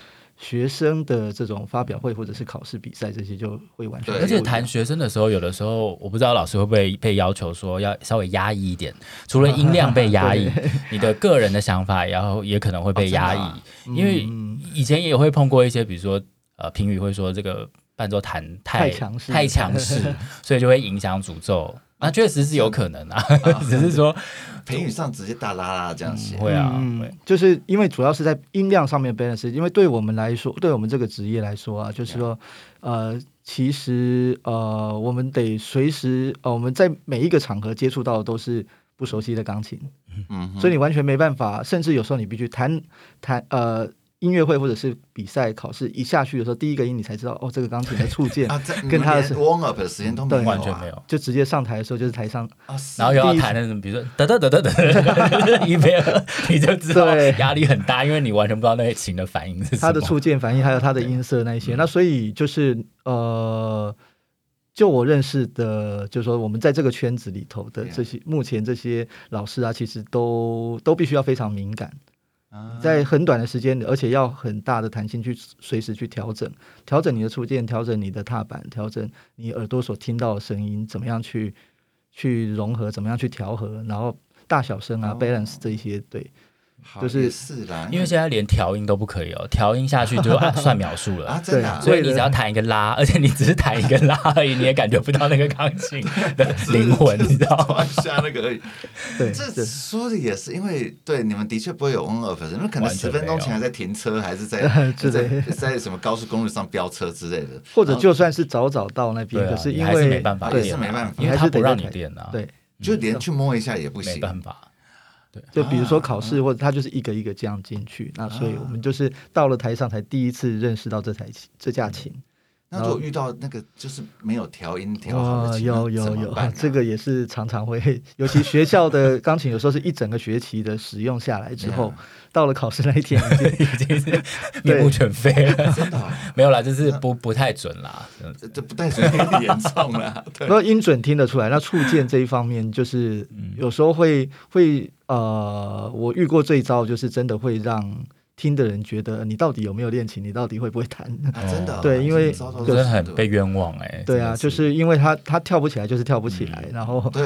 學生的這種發表會或者是考試比賽這些就會完全。而且談學生的時候，有的時候我不知道老師會不會被要求說要稍微壓抑一點，除了音量被壓抑，啊、你的個人的想法然後也可能會被壓抑、哦啊嗯，因為以前也會碰過一些，比如說呃評語會說這個伴奏彈太太強，太，強太強勢，所以就會影響主奏。啊，確實是有可能啊，啊只是說評語上直接大拉拉這樣寫，會、嗯、啊、嗯，就是因為主要是在音量上面 balance 因為對我們來說，對我們這個職業來說啊，就是說，yeah. 呃，其實呃，我們得隨時呃，我們在每一個場合接觸到的都是不熟悉的鋼琴，嗯、mm -hmm.，所以你完全沒辦法，甚至有時候你必須彈彈呃。音樂會或者是比賽考試一下去的時候，第一個音你才知道哦，這個鋼琴的觸鍵跟它是的、啊、warm up 的時間都沒。對，完全沒有，就直接上台的時候就是台上，然後又要彈那什麼，比如說噠噠噠噠噠，一拍 <laughs> <laughs> 你就知道，對，壓力很大，因為你完全不知道那些琴的反應是什麼。它的觸鍵反應還有它的音色那一些，那所以就是呃，就我認識的，就是說我們在這個圈子裡頭的這些、嗯、目前這些老師啊，其實都都必須要非常敏感。在很短的時間，而且要很大的彈性去隨時去調整，調整你的觸鍵，調整你的踏板，調整你耳朵所聽到的聲音，怎麼樣去去融合，怎麼樣去調和，然後大小聲啊、oh.，balance 這一些對。就是，是啦，因為現在連調音都不可以哦，調音下去就算秒數了， <laughs> 啊，真的。所以你只要彈一個拉，而且你只是彈一個拉而已，你也感覺不到那個鋼琴的靈魂， <laughs> 你知道嗎？像、就是、那個而已對 <laughs> 對，這說的也是，因為對你們的確不會有 on/off，你們可能十分鐘前還在停車，還是在之在在，在什麼高速公路上飆車之類的，或者就算是早早到那邊，啊、可是因為也還是沒辦法、啊啊啊，也是沒辦法，因為他不讓你練啊，對，就連去摸一下也不行，沒辦法。對，就比如說考試，啊，或者他就是一個一個這樣進去，啊，那所以我們就是到了台上才第一次認識到這台琴，啊，這架琴。嗯然後那如果遇到那個就是沒有調音調音的、哦、有有，有。怎麼、啊啊、這個也是常常會，尤其學校的鋼琴，有時候是一整個學期的使用下來之後， <laughs> 到了考試那一天，已經面 <laughs> 其實 <laughs> 目全非了，真 <laughs> 的沒有啦，就是不 <laughs> 不，不太準啦， <laughs> 這，這不太準有點嚴重啦，不過音準聽得出來，那觸鍵這一方面，就是 <laughs> 有時候會會呃，我遇過最糟就是真的會讓。聽的人覺得你到底有沒有練琴？你到底會不會彈？啊啊、真的對、啊，因為、就是、真的很被冤枉哎、欸。對啊、這個，就是因為他他跳不起來，就是跳不起來。嗯、然後對，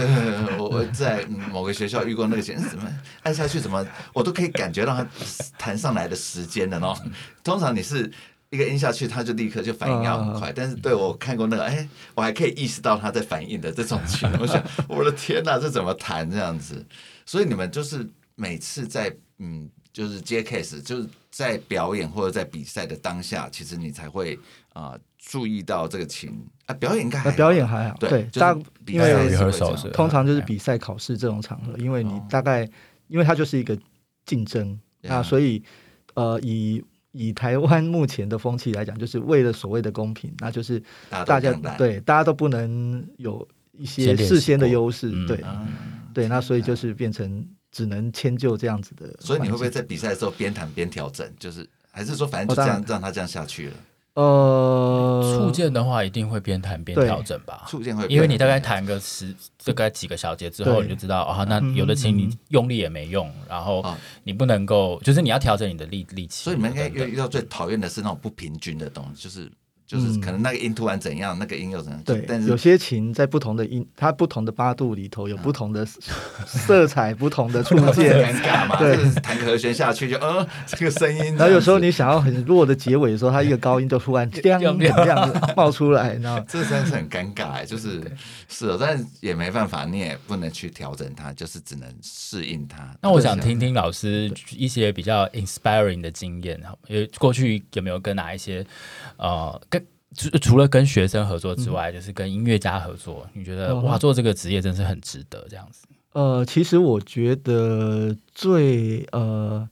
我在某個學校遇過那個學生， <laughs> 按下去怎麼我都可以感覺到他彈上來的時間的呢？通常你是一個摁下去，他就立刻就反應要很快、啊。但是對我看過那個，哎，我還可以意識到他在反應的這種情況。我想， <laughs> 我的天哪、啊，這怎麼彈這樣子？所以你們就是每次在嗯。就是接 case 就是在表演或者在比賽的當下，其實你才會啊、呃、注意到這個情啊。表演該、呃、表演還好，對，大對、就是、因為通常就是比賽考試這種場合，因為你大概因為它就是一個競爭啊，那所以呃，以以台灣目前的風氣來講，就是為了所謂的公平，那就是大家，大家對大家都不能有一些事先的優勢、嗯，對、啊、對，那所以就是變成。只能遷就這樣子的，所以你會不會在比賽的時候邊彈邊調整？就是還是說反正就這樣、哦，讓他這樣下去了？呃，觸鍵的話一定會邊彈邊調整吧。觸鍵會，因為你大概彈個十大概幾個小節之後，你就知道啊、哦，那有的琴你用力也沒用，然後你不能夠、哦，就是你要調整你的力力氣。所以你們應該遇遇到最討厭的是那種不平均的東西，就是。就是可能那個音突然怎樣，嗯、那個音又怎樣。對，但是有些琴在不同的音，它不同的八度裡頭有不同的色彩，啊、色彩不同的觸鍵很尷尬嘛，對，彈、就是、和絃下去就呃這個聲音。然後有時候你想要很弱的結尾的時候，它一個高音就突然這樣，這樣冒出來，然後 <laughs> 這真的是很尷尬哎，就是是、哦、但也沒辦法，你也不能去調整它，就是只能適應它。那我想聽聽老師一些比較 inspiring 的經驗，因為過去有沒有跟哪一些呃跟除除了跟學生合作之外，嗯、就是跟音樂家合作。嗯、你覺得哇，做這個職業真是很值得這樣子？呃，其實我覺得最呃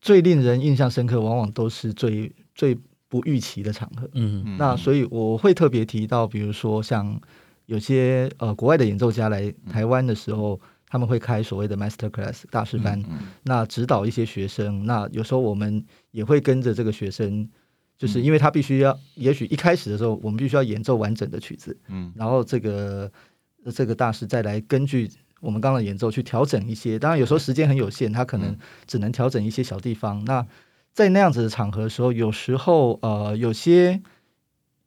最令人印象深刻，往往都是最最不預期的場合。嗯，嗯，嗯，嗯，那所以我會特別提到，比如說像有些呃國外的演奏家來台灣的時候，嗯嗯嗯他們會開所謂的 master class 大師班嗯嗯嗯，那指導一些學生。那有時候我們也會跟着這個學生。就是因為他必須要，也許一開始的時候，我們必須要演奏完整的曲子，嗯，然後這個這個大師再來根據我們剛剛的演奏去調整一些。當然有時候時間很有限，他可能只能調整一些小地方。嗯，那在那樣子的場合的時候，有時候呃，有些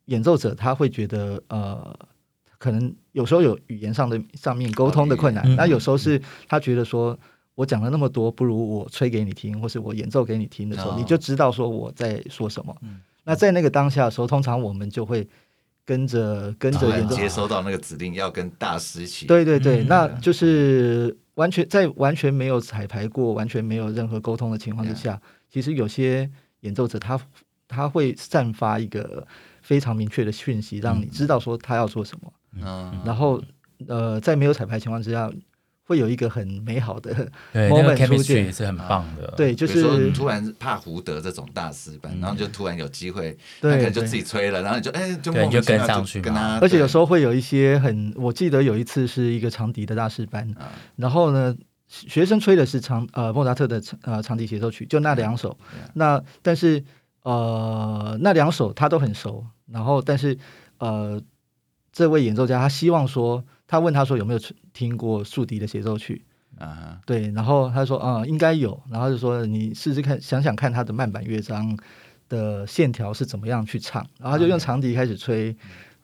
演奏者他會覺得呃，可能有時候有語言上的上面溝通的困難，嗯，那有時候是他覺得說。我講了那麼多，不如我吹給你聽，或是我演奏給你聽的時候，你就知道說我在說什麼。嗯、那在那個當下的時候，通常我們就會跟着跟着演奏，啊、接收到那個指令要跟大師一起。對對對，嗯、那就是完全在完全沒有彩排過、完全沒有任何溝通的情況之下、嗯，其實有些演奏者他他會散發一個非常明確的訊息，讓你知道說他要說什麼。嗯嗯、然後呃，在沒有彩排情況之下。會有一個很美好的 moment 對，那個出現，也是很棒的。啊、對，就是突然帕胡德這種大師班、嗯，然後就突然有機會，對，嗯，就自己吹了，然後你就哎、嗯啊，就跟上去跟、啊、而且有時候會有一些很，我記得有一次是一個長笛的大師班、啊，然後呢，學生吹的是長呃莫扎特的呃長笛協奏曲，就那兩首。嗯、那、嗯、但是呃那兩首他都很熟，然後但是呃這位演奏家他希望說。他問他說有沒有聽過豎笛的協奏曲啊？對，然後他說啊、嗯，應該有，然後就說你試試看，想想看他的慢板樂章的線條是怎麼樣去唱，然後他就用長笛開始吹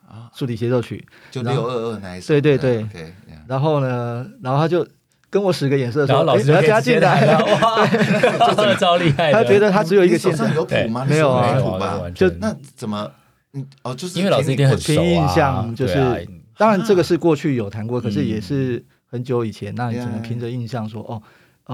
啊，豎笛協奏曲就六二二那一首，對對對。啊 okay, yeah. 然後呢，然後他就跟我使個眼色說，說老師要、欸、加進來了，哇，這招厲害。他覺得他只有一個線、嗯、手上有譜嗎？沒有啊，沒有吧？就那怎麼？嗯，哦，就是因為老師一定很熟啊。就是當然，這個是過去有談過、啊，可是也是很久以前，嗯、那你只能憑着印象說、Yeah. 哦，哦、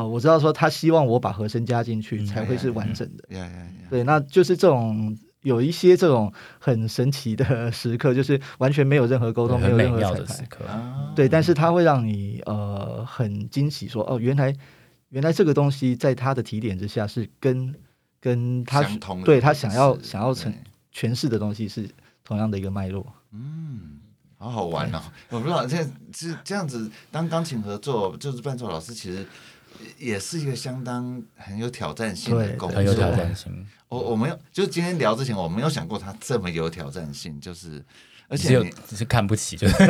呃，我知道說他希望我把和聲加進去才會是完整的。Yeah, yeah, yeah, yeah, yeah. 對，那就是這種有一些這種很神奇的時刻，就是完全沒有任何溝通，沒有任何彩排。很美妙的時刻啊、對，但是它會讓你呃很驚喜說，說哦，原來原來這個東西在他的提點之下是跟跟他相同的，對他想要想要成詮釋的東西是同樣的一個脈絡。嗯。好好玩哦！ <laughs> 我不知道，這這這樣子當鋼琴合作就是伴奏老師，其實也是一個相當很有挑戰性的工作。對，對，很有挑戰性。我我沒有，就是今天聊之前，我沒有想過他這麼有挑戰性，就是。而且只，只是看不起，就是 <laughs> <laughs>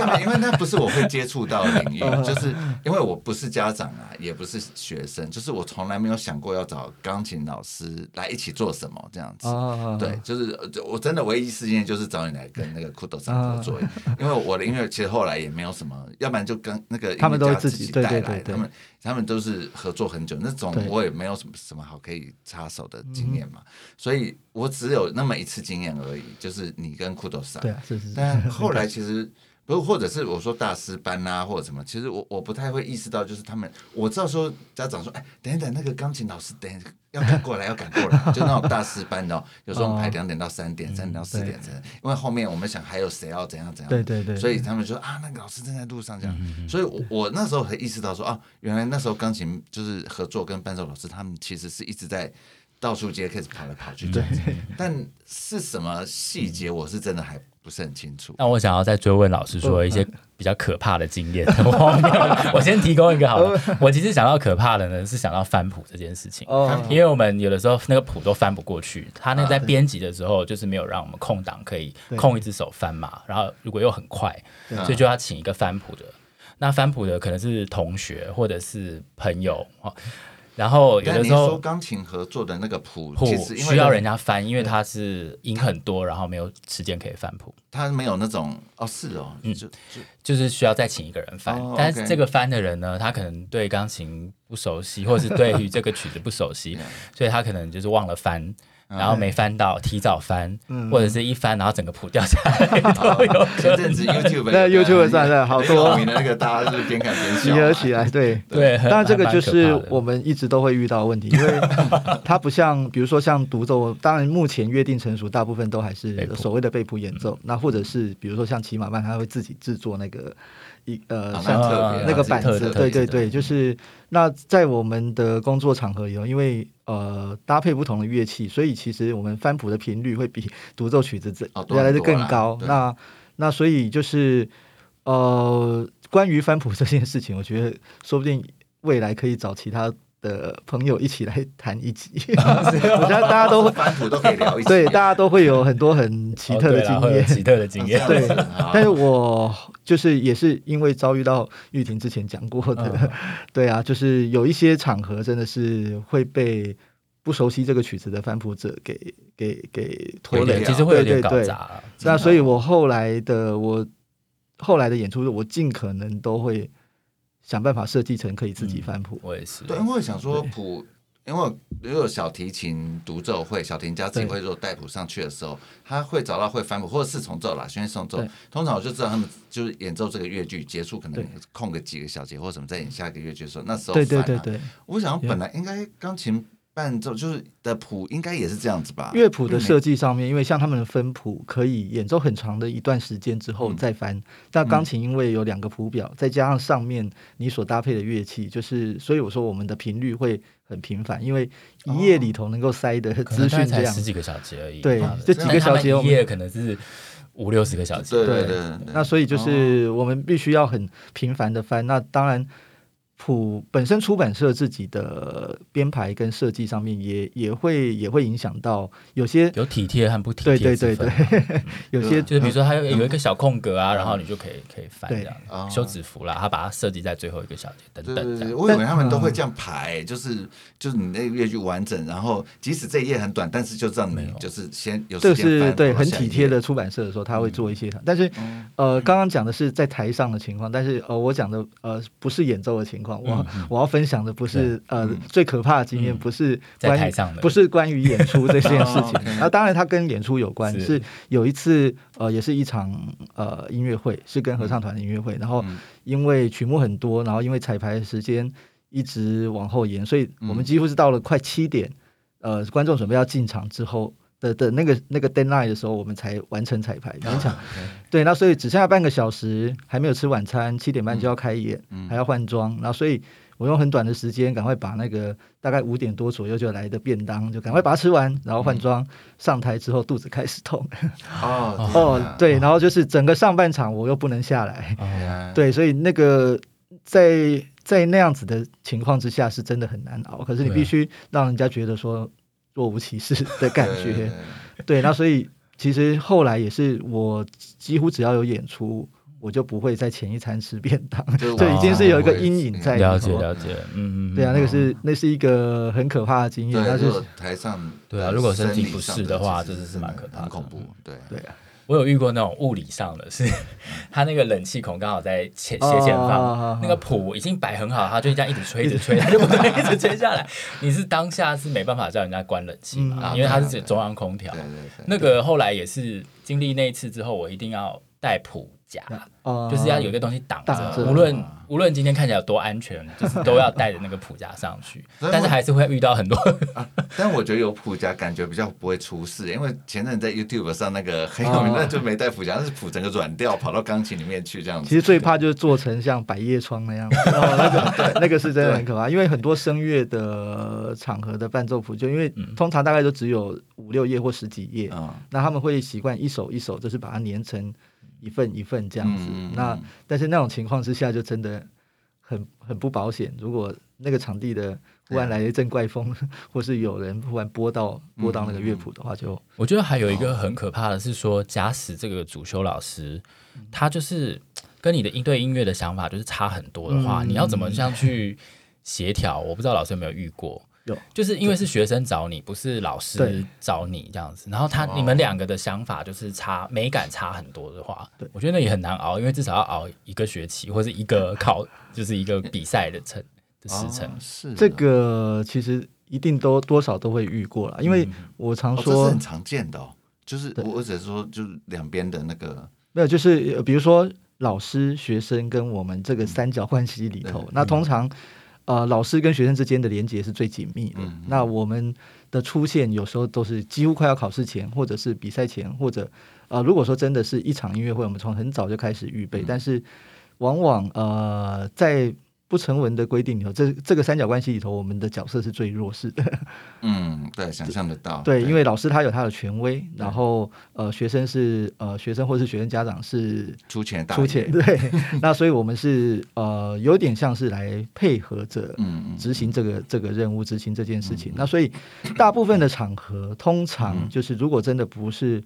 <laughs> 因為那不是我會接觸到的領域，就是因為我不是家長啊，也不是學生，就是我從來沒有想過要找鋼琴老師來一起做什麼這樣子。哦、對，就是我真的唯一時間就是找你來跟那個酷豆商合作，哦、因為我的音樂其實後來也沒有什麼，要不然就跟那個他們家自己帶來他們。對對對對他們他們都是合作很久，那種我也沒有什麼什麼好可以插手的經驗嘛，嗯，所以我只有那麼一次經驗而已，就是你跟庫都斯，但後來其實。不是，或者是我說大師班吶、啊，或者什麼，其實我我不太會意識到，就是他們，我知道說家長說，哎、欸，等一等，那個鋼琴老師等要趕過來，要趕過來， <laughs> 就那種大師班的，有時候我們排兩點到三點，三點、哦、點到四點這樣、嗯，因為後面我們想還有誰要怎樣怎樣，對對對，所以他們就說啊，那個老師正在路上這樣，對對對，所以我我那時候才意識到說啊，原來那時候鋼琴就是合作跟伴奏老師他們其實是一直在到處接開始跑來跑去這樣、嗯對，但是什麼細節我是真的還。嗯嗯不是很清楚，那我想要再追問老師說一些比較可怕的經驗。哦、 <laughs> 我先提供一個好了， <laughs> 我其實想到可怕的呢，是想到翻譜這件事情、哦，因為我們有的時候那個譜都翻不過去，他那在編輯的時候就是沒有讓我們空檔可以空一隻手翻嘛，然後如果又很快，所以就要請一個翻譜的。那翻譜的可能是同學或者是朋友、哦然後有的時候，鋼琴合作的那個譜，其實需要人家翻，因為他是音很多，然後沒有時間可以翻譜。他沒有那種哦，是哦，嗯，就就，就是需要再請一個人翻。哦、但是這個翻的人呢、哦 okay，他可能對鋼琴不熟悉，或者是對於這個曲子不熟悉， <laughs> 所以他可能就是忘了翻。然後沒翻到，啊、提早翻、嗯，或者是一翻，然後整個譜掉下來有。 <laughs> 前陣子 YouTube 那 YouTube 算的好多，那個 <laughs> 大家就是點感覺集合起來，對對。當然這個就是我們一直都會遇到的問題的，因為它不像比如說像獨奏，當然目前約定成熟，大部分都還是所謂的背譜演奏。 <laughs> 那或者是比如說像齊瑪曼，他會自己制作那個。一呃特別、啊，那個板子、啊特別特別，對對對，就是那在我們的工作場合裡頭，因為呃搭配不同的樂器，所以其實我們翻譜的頻率會比獨奏曲子這原、哦、來是更高。那那，那所以就是呃，關於翻譜這件事情，我覺得說不定未來可以找其他。的朋友一起來談一集 <laughs> <laughs> 我覺得大家都會對，大家都會有很多很奇特的經驗，奇特的經驗。對，但是我就是也是因為遭遇到玉婷之前講過的，對啊，就是有一些場合真的是會被不熟悉這個曲子的翻譜者給給給拖累，其實會有點搞砸。那所以我後來的我後來的演出，我儘可能都會。想辦法設計成可以自己翻譜，嗯，我也是。對，因為想說譜，因為如果小提琴獨奏會，小提琴家自己會做帶譜上去的時候，他會找到會翻譜，或者是重奏啦，弦樂重奏，通常我就知道他們就是演奏這個樂句結束，可能空個幾個小節或者什麼，再演下一個樂句的時候，那時候、啊、對，對，對，對對，我想本來應該鋼琴。伴奏就是的譜應該也是這樣子吧。樂譜的設計上面，因為像他們的分譜可以演奏很長的一段時間之後再翻。嗯、但鋼琴因為有兩個譜表，再加上上面你所搭配的樂器，就是所以我說我們的頻率會很頻繁，因為一頁裡頭能夠塞的資訊、哦、才十幾個小節而已。對，這、嗯、幾個小節，我們，他們一頁可能是五六十個小節。對對，對，對，對，對對。那所以就是我們必須要很頻繁的翻。哦、那當然。普，本身出版社自己的編排跟設計上面也也會也會影響到，有些有體貼和不體貼、啊、對對對對， <laughs> 有些就是比如說它有一個小空格啊，嗯、然後你就可以可以翻這樣，對休止符啦，嗯、他把它設計在最後一個小節，等等這樣，我以為他們都會這樣排，就是就是你那樂句完整，然後即使這一頁很短，但是就這樣有。就是先有這、就是對很體貼的出版社的時候，他會做一些，嗯、但是、嗯、呃剛剛講的是在台上的情況，但是呃我講的呃不是演奏的情。我我要分享的不是，嗯、呃是，嗯、最可怕的經驗，不是在台上的，不是關不是關於演出這件事情。那、 <laughs> 啊、當然它跟演出有關，是，是有一次呃也是一場呃音樂會，是跟合唱團的音樂會，嗯。然後因為曲目很多，然後因為彩排時間一直往後延，所以我們幾乎是到了快七點，呃觀眾準備要進場之後。的的那個那個 day night 的時候，我們才完成彩排，全、okay. 場。對，那所以只剩下半個小時，還沒有吃晚餐，七點半就要開演，嗯，還要換裝。然後，所以我用很短的時間，趕快把那個大概五點多左右就來的便當，就趕快把它吃完，嗯、然後換裝上台之後，肚子開始痛。哦、啊、哦，對哦，然後就是整個上半場我又不能下來，哦對，啊、對，所以那個在在那樣子的情況之下，是真的很難熬。可是你必須讓人家覺得說。若無其事的感覺，對，對，對，對，對，那所以其實後來也是我幾乎只要有演出，我就不會在前一餐吃便當， <laughs> 就已經是有一個陰影在、嗯。了解了解，嗯，對啊，嗯、那個是、嗯、那是一個很可怕的經驗，那是、嗯嗯啊、台上對啊上，如果身體不適的話，真的、就是蠻可怕、的。嗯、恐怖，對啊。對啊我有遇過那種物理上的是，是他那個冷氣孔剛好在前斜前方，oh, oh, oh, oh, oh, oh. 那個譜已經擺很好，他就這樣一直吹，一直吹，他 <laughs> 就一直吹下來。 <laughs> 你是當下是沒辦法叫人家關冷氣吧？嗯，因為他是中央空調、嗯。對對對，那個後來也是經歷那一次之後，我一定要帶譜。夾、嗯，就是要有個東西擋着，無論無論今天看起來有多安全，就是都要帶着那個譜夾上去。 <laughs> 但是還是會遇到很多、 <laughs> 啊，但我覺得有譜夾感覺比較不會出事，因為前陣在 YouTube 上那個很有名的就沒帶譜夾，但是譜整個軟掉跑到鋼琴裡面去這樣子。其實最怕就是做成像百葉窗那樣子、 <laughs> 哦那個， <laughs> 那個是真的很可怕。因為很多聲樂的場合的伴奏譜，就因為通常大概都只有五六頁或十幾頁啊、嗯，那他們會習慣一首一首，就是把它粘成，一份一份這樣子，嗯嗯、那但是那種情況之下就真的很很不保險。如果那個場地的忽然來一陣怪風，或是有人忽然播到、嗯、播到那個樂譜的話就，就我覺得還有一個很可怕的是說，假使這個主修老師他就是跟你的音對音樂的想法就是差很多的話，嗯、你要怎麼樣去協調、嗯？我不知道老師有沒有遇過。有，就是因為是學生找你，不是老師找你這樣子。然後他、哦、你們兩個的想法就是差美感差很多的話，我覺得也很難熬，因為至少要熬一個學期，或者一個考， <laughs> 就是一個比賽的程 <laughs> 的時程。哦、是、啊、這個其實一定都多少都會遇過了，因為我常說、嗯哦、很常見到、哦，就是我只是說就是兩邊的那個沒有，那就是比如說老師、學生跟我們這個三角關係裡頭、嗯，那通常。嗯呃，老師跟學生之間的連接是最緊密的、嗯。那我們的出現有時候都是幾乎快要考試前，或者是比賽前，或者呃，如果說真的是一場音樂會，我們從很早就開始預備、嗯，但是往往呃在。不成文的規定裡頭，頭這這個三角關係裡頭，我們的角色是最弱勢的。嗯，對，想象得到。對，對，因為老師他有他的權威，然後呃，學生是呃學生或是學生家長是出錢，大出錢，出錢對。 <laughs> 那所以我們是呃有點像是來配合著嗯，執行這個嗯嗯嗯這個任務，執行這件事情。嗯嗯，那所以大部分的場合，嗯，通常就是如果真的不是。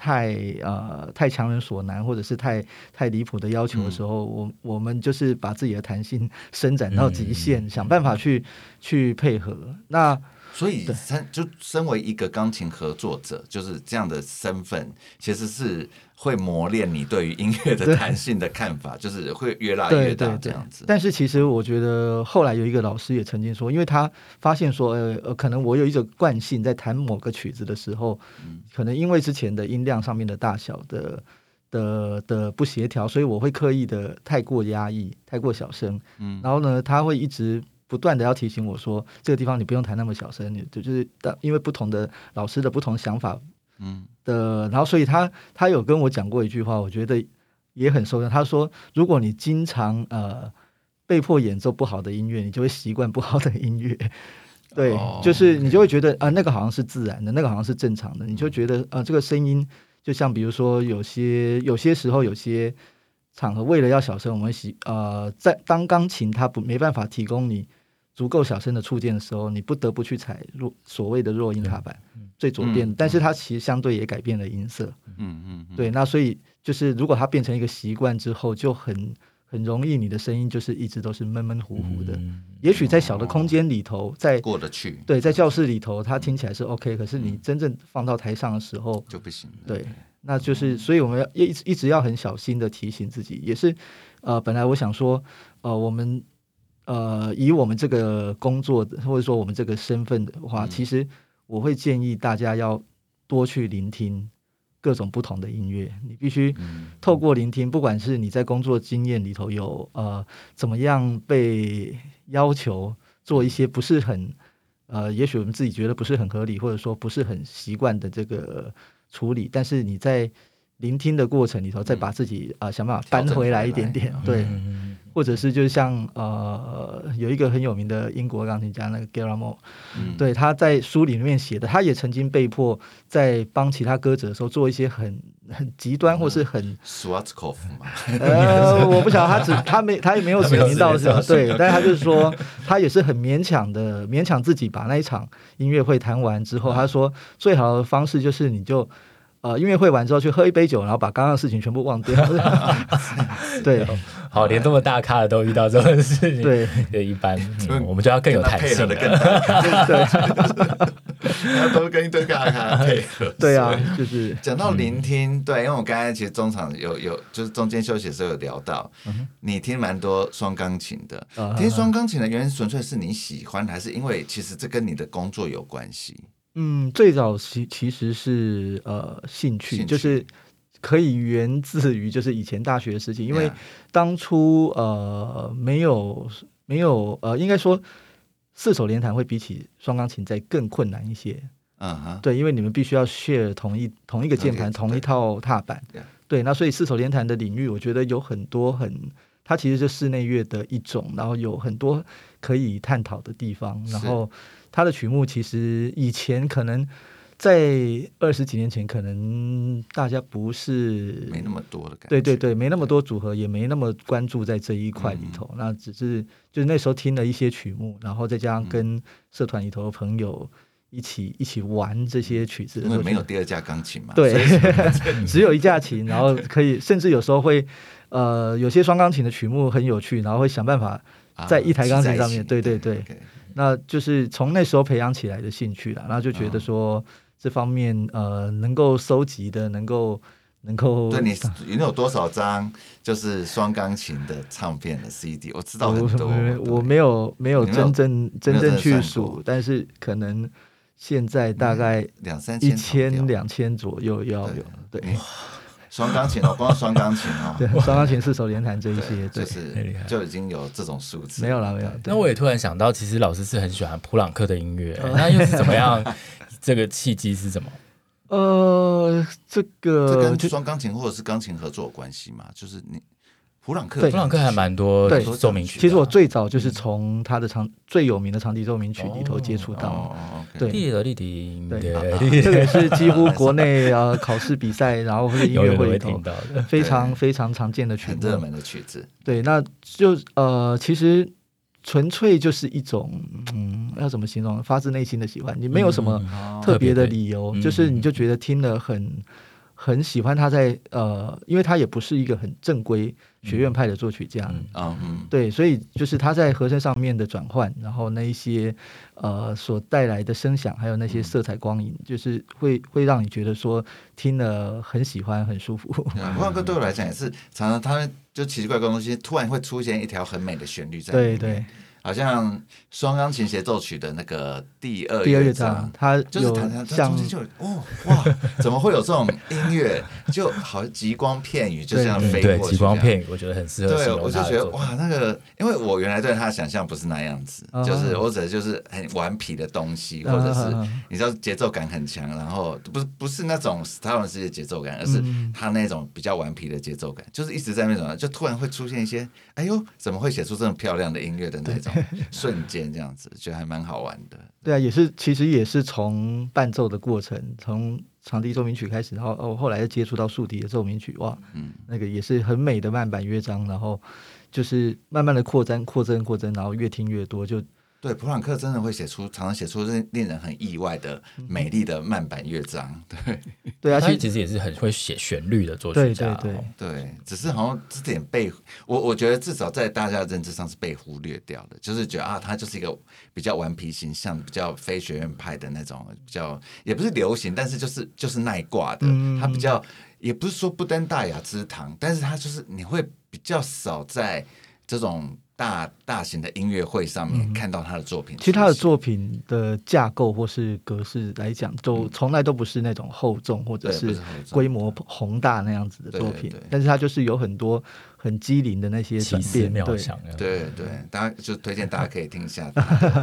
太呃，太強人所難，或者是太太離譜的要求的時候，嗯、我我們就是把自己的彈性伸展到極限，嗯，想辦法去，嗯、去配合。那所以身就身為一個鋼琴合作者，就是這樣的身份，其實是。會磨練你對於音樂的彈性的看法，就是會越來越大這樣子，對對對。但是其實我覺得後來有一個老師也曾經說，因為他發現說，呃，可能我有一種慣性，在彈某個曲子的時候，嗯，可能因為之前的音量上面的大小的的的，的不協調，所以我會刻意的太過壓抑，太過小聲，嗯。然後呢，他會一直不斷的要提醒我說，這個地方你不用彈那麼小聲，你就就是因為不同的老師的不同想法，嗯。的，然後所以他他有跟我講過一句話，我覺得也很受用。他說，如果你經常呃被迫演奏不好的音樂，你就會習慣不好的音樂。對，oh, okay. 就是你就會覺得啊、呃，那個好像是自然的，那個好像是正常的，你就覺得啊、呃，這個聲音就像比如說有些有些時候有些場合為了要小聲，我們習呃在當鋼琴它不沒辦法提供你足夠小聲的觸鍵的時候，你不得不去踩弱所謂的弱音踏板。最左邊、嗯嗯，但是它其實相對也改變了音色。嗯嗯，嗯，對。那所以就是，如果它變成一個習慣之後，就很很容易，你的聲音就是一直都是悶悶糊糊的。嗯、也許在小的空間裡頭，嗯、在過得去，對，在教室裡頭，它聽起來是 OK、嗯。可是你真正放到台上的時候、嗯、就不行了。對、嗯，那就是所以我們要一直一直要很小心的提醒自己。也是，呃，本來我想說，呃，我們呃以我們這個工作的或者說我們這個身份的話，嗯、其實。我會建議大家要多去聆聽各種不同的音樂。你必須透過聆聽，嗯、不管是你在工作經驗裡頭有呃怎麼樣被要求做一些不是很呃，也許我們自己覺得不是很合理，或者說不是很習慣的這個處理，但是你在聆聽的過程裡頭，再把自己啊、嗯呃、想辦法扳回來一點點，來來對。嗯嗯嗯或者是就像呃有一個很有名的英國鋼琴家那個 Gerald Moore，嗯、對，他在書裡面寫的，他也曾經被迫在幫其他歌者的時候做一些很很極端或是很 Schwarzkopf 嘛，哦、呃 <laughs> 我不曉得他只他沒他也沒有寫到什麼對，但他就是說他也是很勉強的勉強自己把那一場音樂會彈完之後，嗯、他說最好的方式就是你就。啊、呃，音樂會完之後去喝一杯酒，然後把剛剛的事情全部忘掉。 <laughs> <laughs> 對，好，嗯、連這麼大咖的都遇到這種事情，對，也一般。我、嗯、們就要更有台詞的更哈哈。哈哈哈大咖對啊，就是講到聆聽，對，因為我剛才其實中場有有就是中間休息的時候有聊到，嗯、你聽蠻多雙鋼琴的，嗯、聽雙鋼琴的原因純粹是你喜歡，還是因為其實這跟你的工作有關係？嗯，最早其其實是呃興趣，興趣，就是可以源自於就是以前大學的事情，因為當初、yeah. 呃沒有沒有呃，應該說四手聯彈會比起雙鋼琴再更困難一些。嗯、uh -huh. 對，因為你們必須要 share 同一同一個鍵盤，okay. 同一套踏板。Yeah. 對，那所以四手聯彈的領域，我覺得有很多很，它其實就是室內樂的一種，然後有很多可以探討的地方，然後。他的曲目其實以前可能在二十幾年前，可能大家不是沒那麼多的感覺，對對對，沒那麼多組合，也沒那麼關注在這一塊裡頭。嗯、那只是就是、那時候聽了一些曲目，然後再加上跟社團裡頭的朋友一起一起玩這些曲子，嗯，因為沒有第二架鋼琴嘛，對， <laughs> 只有一架琴，然後可以甚至有時候會呃，有些雙鋼琴的曲目很有趣，然後會想辦法在一台鋼琴上面對、啊、對對。對 okay. 那就是從那時候培養起來的興趣啦，然後就覺得說這方面、嗯、呃能夠收集的，能夠能夠。對你，你有多少張就是雙鋼琴的唱片的 CD？我知道很多，我沒有，我沒有，沒有真正，真正去數，但是可能現在大概兩三千、一千兩千左右要有對。對雙鋼琴哦，要雙鋼琴哦， <laughs> 對，雙鋼琴四手聯彈這一些就是就已經有這種數字。沒有了，沒有。那我也突然想到，其實老師是很喜歡普朗克的音樂， <laughs> 那又是怎麼樣？ <laughs> 這個契機是什麼？呃，這個這跟雙鋼琴或者是鋼琴合作有關係嗎？就是你。弗朗克，對，弗朗克還蠻多奏鳴曲的。其實我最早就是從他的長、嗯、最有名的長笛奏鳴曲裡頭接觸到、哦哦 okay, 對,對,對,對,對,、啊對啊，對，這個是幾乎國內啊 <laughs> 考試比賽，然後或者音樂會聽到的非常非常常見的曲，熱門的曲子。對，那就呃，其實純粹就是一種嗯，要怎麼形容？發自內心的喜歡，你沒有什麼、嗯哦、特別的理由、嗯，就是你就覺得聽了很。嗯嗯很喜歡他在呃，因為他也不是一個很正規學院派的作曲家嗯嗯，嗯，對，所以就是他在和聲上面的轉換，然後那一些呃所帶來的聲響，還有那些色彩光影，嗯、就是會會讓你覺得說聽了很喜歡，很舒服。嗯、換歌對我來講也是，常常他們就奇奇怪怪東西，突然會出現一條很美的旋律在。對對。好像雙鋼琴協奏曲的那個第二第二章，就是，他，他就是彈彈中間就哦哇，怎麼會有這種音樂？就好像極光片羽， <laughs> 就這樣飛過去。對，極光片羽，我覺得很適合。對，我就覺得哇，那個因為我原來對他想象不是那樣子，嗯、就是或者就是很頑皮的東西，啊、或者是，啊、你知道節奏感很強，然後不是不是那種他們林式的節奏感，而是他那種比較頑皮的節奏感，嗯，就是一直在那種就突然會出現一些哎呦，怎麼會寫出這種漂亮的音樂的那種。 <laughs> 瞬間這樣子，覺得還蠻好玩的。 <laughs> 對啊，也是，其實也是從伴奏的過程，從長笛奏鳴曲開始，然後後來又接觸到豎笛的奏鳴曲，哇、嗯，那個也是很美的慢板樂章，然後就是慢慢的擴張擴增、擴增，然後越聽越多，就。對，普朗克真的會寫出，常常寫出令令人很意外的美麗的慢板樂章。對，對啊，其實其實也是很會寫旋律的作曲家。對對對，對。只是好像這點被我，我覺得至少在大家的認知上是被忽略掉的，就是覺得啊，他就是一個比較頑皮形象，比較非學院派的那種，比較也不是流行，但是就是就是耐掛的。他比較也不是說不登大雅之堂，但是他就是你會比較少在這種。大大型的音樂會上面看到他的作品，其他的作品的架構或是格式來講，都從來都不是那種厚重或者是規模宏大那樣子的作品，對對對，但是他就是有很多很機靈的那些奇思妙想對對，對對，大家就推薦大家可以聽一下，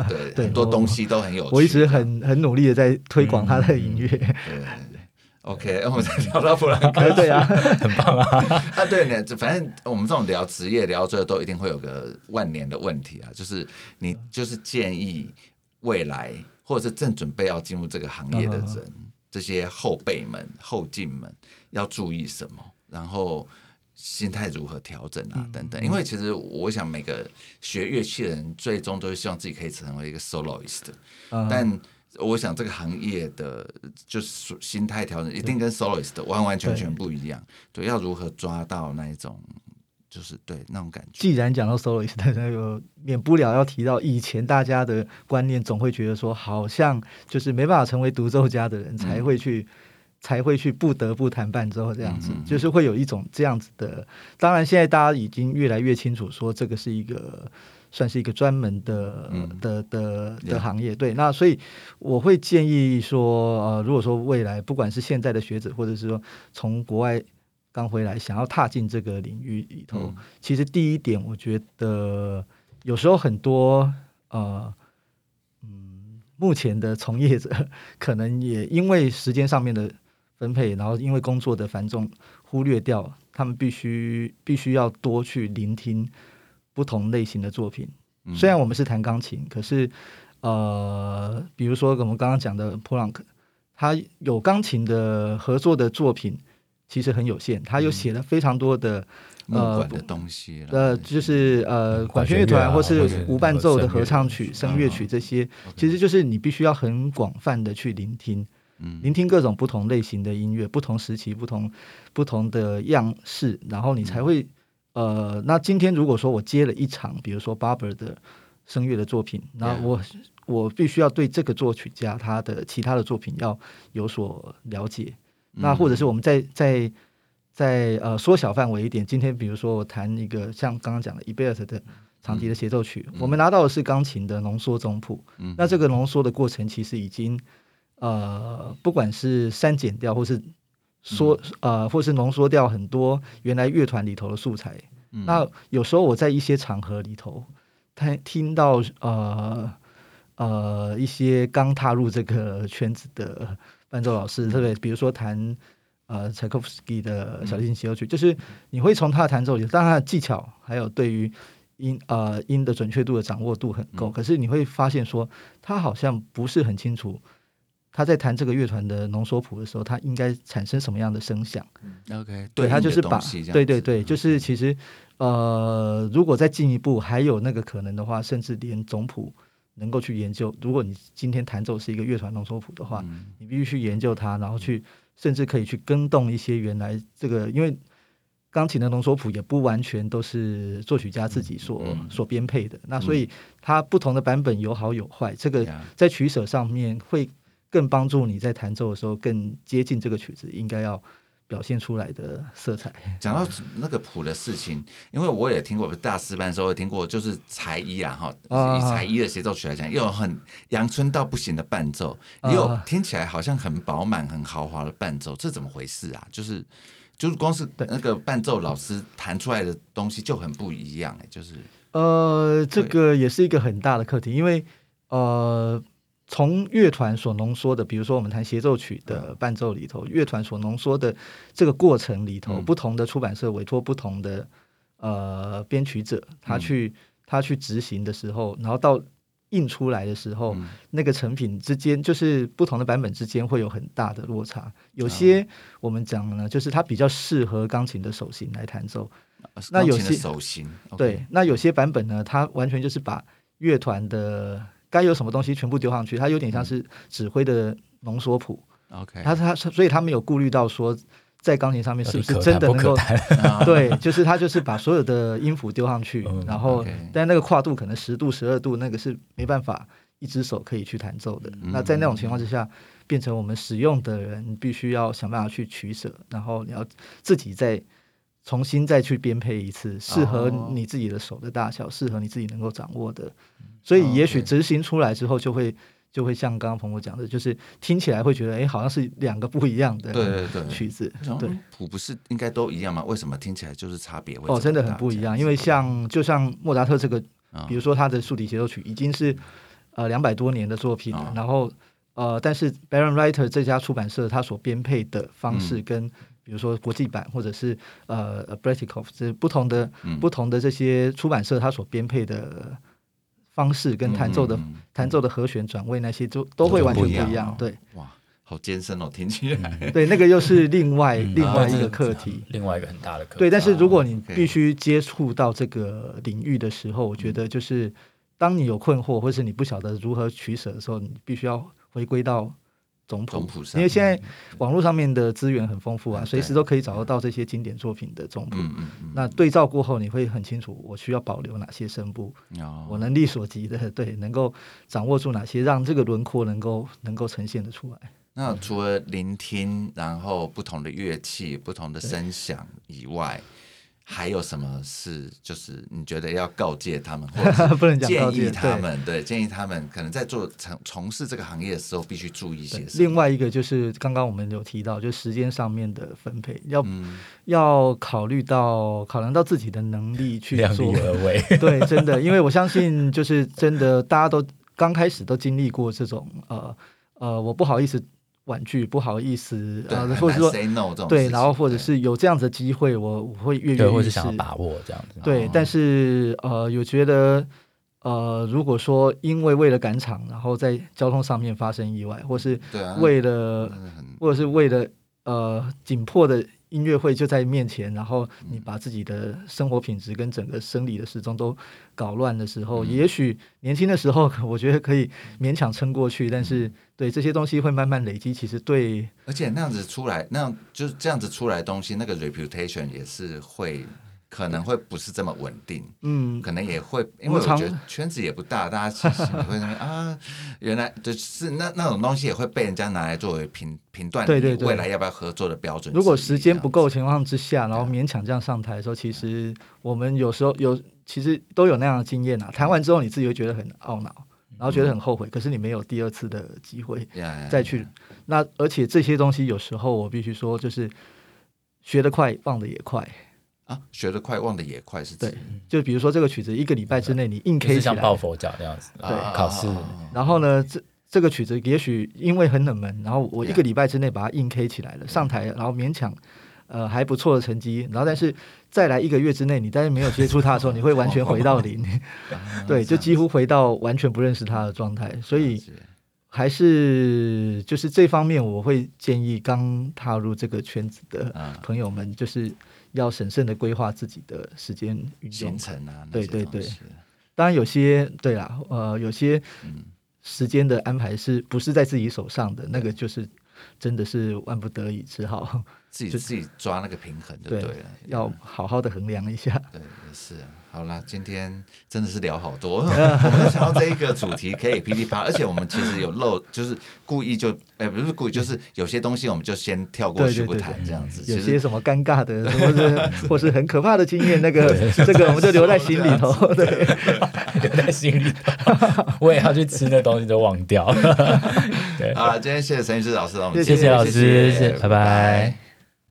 對。 <laughs> 對很多東西都很有趣我。我一直很很努力的在推廣他的音樂。嗯嗯對 OK，我們再聊到弗蘭克、 <laughs> 啊，對啊，很棒啊 <laughs> 啊！對呢，反正我們這種聊職業聊到最後都一定會有個萬年的問題啊，就是你就是建議未來或者是正準備要進入這個行業的人，嗯嗯、這些後輩們、後進們要注意什麼，然後心態如何調整啊等等、嗯嗯。因為其實我想每個學樂器的人最終都是希望自己可以成為一個 soloist，、嗯、但我想這個行業的就是心態調整一定跟 soloist 的完完全全不一樣。對，要如何抓到那種，就是對那種感覺。既然講到 soloist，那就免不了要提到以前大家的觀念，總會覺得說，好像就是沒辦法成為獨奏家的人才會去、嗯，才會去不得不談伴奏這樣子、嗯嗯，就是會有一種這樣子的。當然，現在大家已經越來越清楚，說這個是一個。算是一個專門的、嗯、的的的行業，yeah. 對。那所以我會建議說，呃，如果說未來不管是現在的學者，或者是說從國外剛回來想要踏進這個領域裡頭，嗯、其實第一點，我覺得有時候很多呃，嗯，目前的從業者可能也因為時間上面的分配，然後因為工作的繁重，忽略掉他們必須必須要多去聆聽。不同類型的作品，雖然我們是彈鋼琴、嗯，可是呃，比如說我們剛剛講的普朗克，他有鋼琴的合作的作品其實很有限，他又寫了非常多的、嗯、呃的東西，呃，就是呃管弦樂團管弦樂、啊、或是無伴奏的合唱曲、啊、聲樂、聲樂曲這些、啊，其實就是你必須要很廣泛的去聆聽，嗯、聆聽各種不同類型的音樂、嗯、不同時期、不同不同的樣式，然後你才會。嗯呃，那今天如果說我接了一場，比如說 Barber 的聲樂的作品，那我，yeah. 我必須要對這個作曲家他的其他的作品要有所了解。那或者是我們再再再呃縮小範圍一點，今天比如說我彈一個像剛剛講的 Ibert 的長笛的協奏曲，mm -hmm. 我們拿到的是鋼琴的濃縮總譜，mm -hmm. 那這個濃縮的過程其實已經呃，不管是刪減掉或是說呃，或是濃縮掉很多原來樂團裡頭的素材，嗯。那有時候我在一些場合裡頭，他聽，聽到呃呃一些剛踏入這個圈子的伴奏老師，特，嗯、別比如說彈呃柴可夫斯基的小提琴協奏曲，嗯，就是你會從他的彈奏裡，當然他的技巧還有對於音呃音的準確度的掌握度很夠，嗯，可是你會發現說他好像不是很清楚。他在彈這個樂團的濃縮譜的時候，他應該產生什麼樣的聲響？OK，對他就是把對對，對對對，就是其實、嗯、呃，如果再進一步，還有那個可能的話，甚至連總譜能夠去研究。如果你今天彈奏是一個樂團濃縮譜的話，嗯、你必須去研究它，然後去、嗯、甚至可以去更動一些原來這個，因為鋼琴的濃縮譜也不完全都是作曲家自己所、嗯、所編配的、嗯，那所以它不同的版本有好有壞，嗯、這個在取捨上面會，更幫助你在彈奏的時候更接近這個曲子應該要表現出來的色彩。講到那個譜的事情，因為我也聽過大師班的時候也聽過，就是柴一啊哈、啊，以柴一的協奏曲來講，又有很陽春到不行的伴奏、啊，也有聽起來好像很飽滿、很豪華的伴奏，這怎麼回事啊？就是就是光是那個伴奏老師彈出來的東西就很不一樣哎、欸，就是呃，這個也是一個很大的課題，因為呃。從樂團所濃縮的，比如說我們彈協奏曲的伴奏裡頭，嗯、樂團所濃縮的這個過程裡頭，嗯、不同的出版社委托不同的呃編曲者，他去、嗯、他去執行的時候，然後到印出來的時候，嗯、那個成品之間就是不同的版本之間會有很大的落差。有些我們講呢、嗯，就是它比較適合鋼琴的手型來彈奏，那有些、嗯、對，那有些版本呢，它完全就是把樂團的。他有什麼東西全部丟上去，他有點像是指揮的濃縮譜。OK，他他所以，他沒有顧慮到說，在鋼琴上面是不是真的能夠， <laughs> 啊、對，就是他就是把所有的音符丟上去、嗯，然後，okay. 但那個跨度可能十度、十二度，那個是沒辦法一隻手可以去彈奏的。嗯、那在那種情況之下，變成我們使用的人必須要想辦法去取捨，然後你要自己在。重新再去編配一次，適合你自己的手的大小，適、哦、合你自己能夠掌握的，所以也許執行出來之後就，就會就會像剛剛朋友講的，就是聽起來會覺得，哎、欸，好像是兩個不一樣的曲子。對,對,對,對，譜、嗯、不是應該都一樣嗎？為什麼聽起來就是差別？哦，真的很不一樣，因為像就像莫扎特這個，比如說他的豎笛協奏曲，已經是呃兩百多年的作品，了、嗯。然後呃，但是 Bärenreiter 這家出版社他所編配的方式跟、嗯。比如說國際版，或者是呃 Breitkopf 是不同的不同的這些出版社，它所編配的方式跟彈奏的、嗯、彈奏的和弦轉位那些都、嗯、都會完全不一樣哦、都不一樣哦。對，哇，好艱深哦，聽起來。對，那個又是另外、 <laughs> 嗯、另外一個課題、啊啊，另外一個很大的課題。對，但是如果你必須接觸到這個領域的時候，啊 okay、我覺得就是當你有困惑，或是你不曉得如何取捨的時候，嗯、你必須要回歸到。總譜，因為現在網絡上面的資源很豐富啊，隨時都可以找得到這些經典作品的總譜。嗯嗯嗯。那對照過後，你會很清楚我需要保留哪些聲部，哦，我能力所及的，對，能夠掌握住哪些，讓這個輪廓能夠能夠呈現得出來。那除了聆聽，嗯、然後不同的樂器、不同的聲響以外。還有什麼事？就是你覺得要告誡他們，不能講告誡他們 <laughs> 對，對，建議他們可能在做從從事這個行業的時候，必須注意一些什麼。另外一個就是剛剛我們有提到，就時間上面的分配，要、嗯、要考慮到、考量到自己的能力去做，量力而為。 <laughs> 對，真的，因為我相信，就是真的，大家都剛開始都經歷過這種，呃呃，我不好意思。婉拒不好意思啊、呃，或者說 no, 對，然後或者是有這樣子的機會，我我會躍躍欲試，或者是想把握這樣子。對，嗯、但是呃，有覺得呃，如果說因為為了趕場，然後在交通上面發生意外，或是為了、啊是，或者是為了。呃，緊迫的音樂會就在面前，然後你把自己的生活品質跟整個生理的時鐘都搞亂的時候，嗯、也許年輕的時候，我覺得可以勉強撐過去、嗯。但是，對這些東西會慢慢累積，其實對，而且那樣子出來，那樣就是這樣子出來的東西，那個 reputation 也是會。可能會不是這麼穩定，嗯，可能也會，因為我覺得圈子，也不大，嗯、大家其實也會說 <laughs> 啊，原來就是那那種東西也會被人家拿來作為評評斷對對未來要不要合作的標準，對對對。如果時間不夠的情況之下，然後勉強這樣上台的時候，其實我們有時候有其實都有那樣的經驗啊。談完之後，你自己會覺得很懊惱，然後覺得很後悔，、嗯，可是你沒有第二次的機會再去。Yeah, yeah, yeah. 那而且這些東西有時候我必須說，就是學得快，忘的也快。啊，學得快忘得也快，是這樣。對，就比如說這個曲子，一個禮拜之內你硬 K 起來，像抱佛腳這樣子。對，啊、考試、啊。然後呢，這這個曲子也許因為很冷門，然後我一個禮拜之內把它硬 K 起來了，yeah. 上台然後勉強呃還不錯的成績。然後但是再來一個月之內，你但是沒有接觸它的時候， <laughs> 你會完全回到零、 <laughs> 嗯，對，就幾乎回到完全不認識它的狀態。所以還是就是這方面，我會建議剛踏入這個圈子的朋友們，就是。要審慎的規劃自己的時間、行程啊，對對對。當然有些對啦，呃，有些時間的安排是不是在自己手上的，嗯、那個就是真的是萬不得已，只好自己就自己抓那個平衡，對，對，要好好的衡量一下。對，是。好啦，今天真的是聊好多。 <laughs> <laughs> 我們聊這一個主題可以噼里啪啦，而且我們其實有漏，就是故意就哎，欸、不是故意，就是有些東西我們就先跳過去不談這樣子對對對。有些什麼尷尬的，或是 <laughs> 或是很可怕的經驗，那個這個我們就留在心裡頭。對， <laughs> 對對留，在留在心裡頭。我也要去吃那東西，都忘掉。 <laughs> 對啊， <laughs> 今天謝謝陳育志老師， <laughs> 我們謝謝老師，謝謝，拜拜。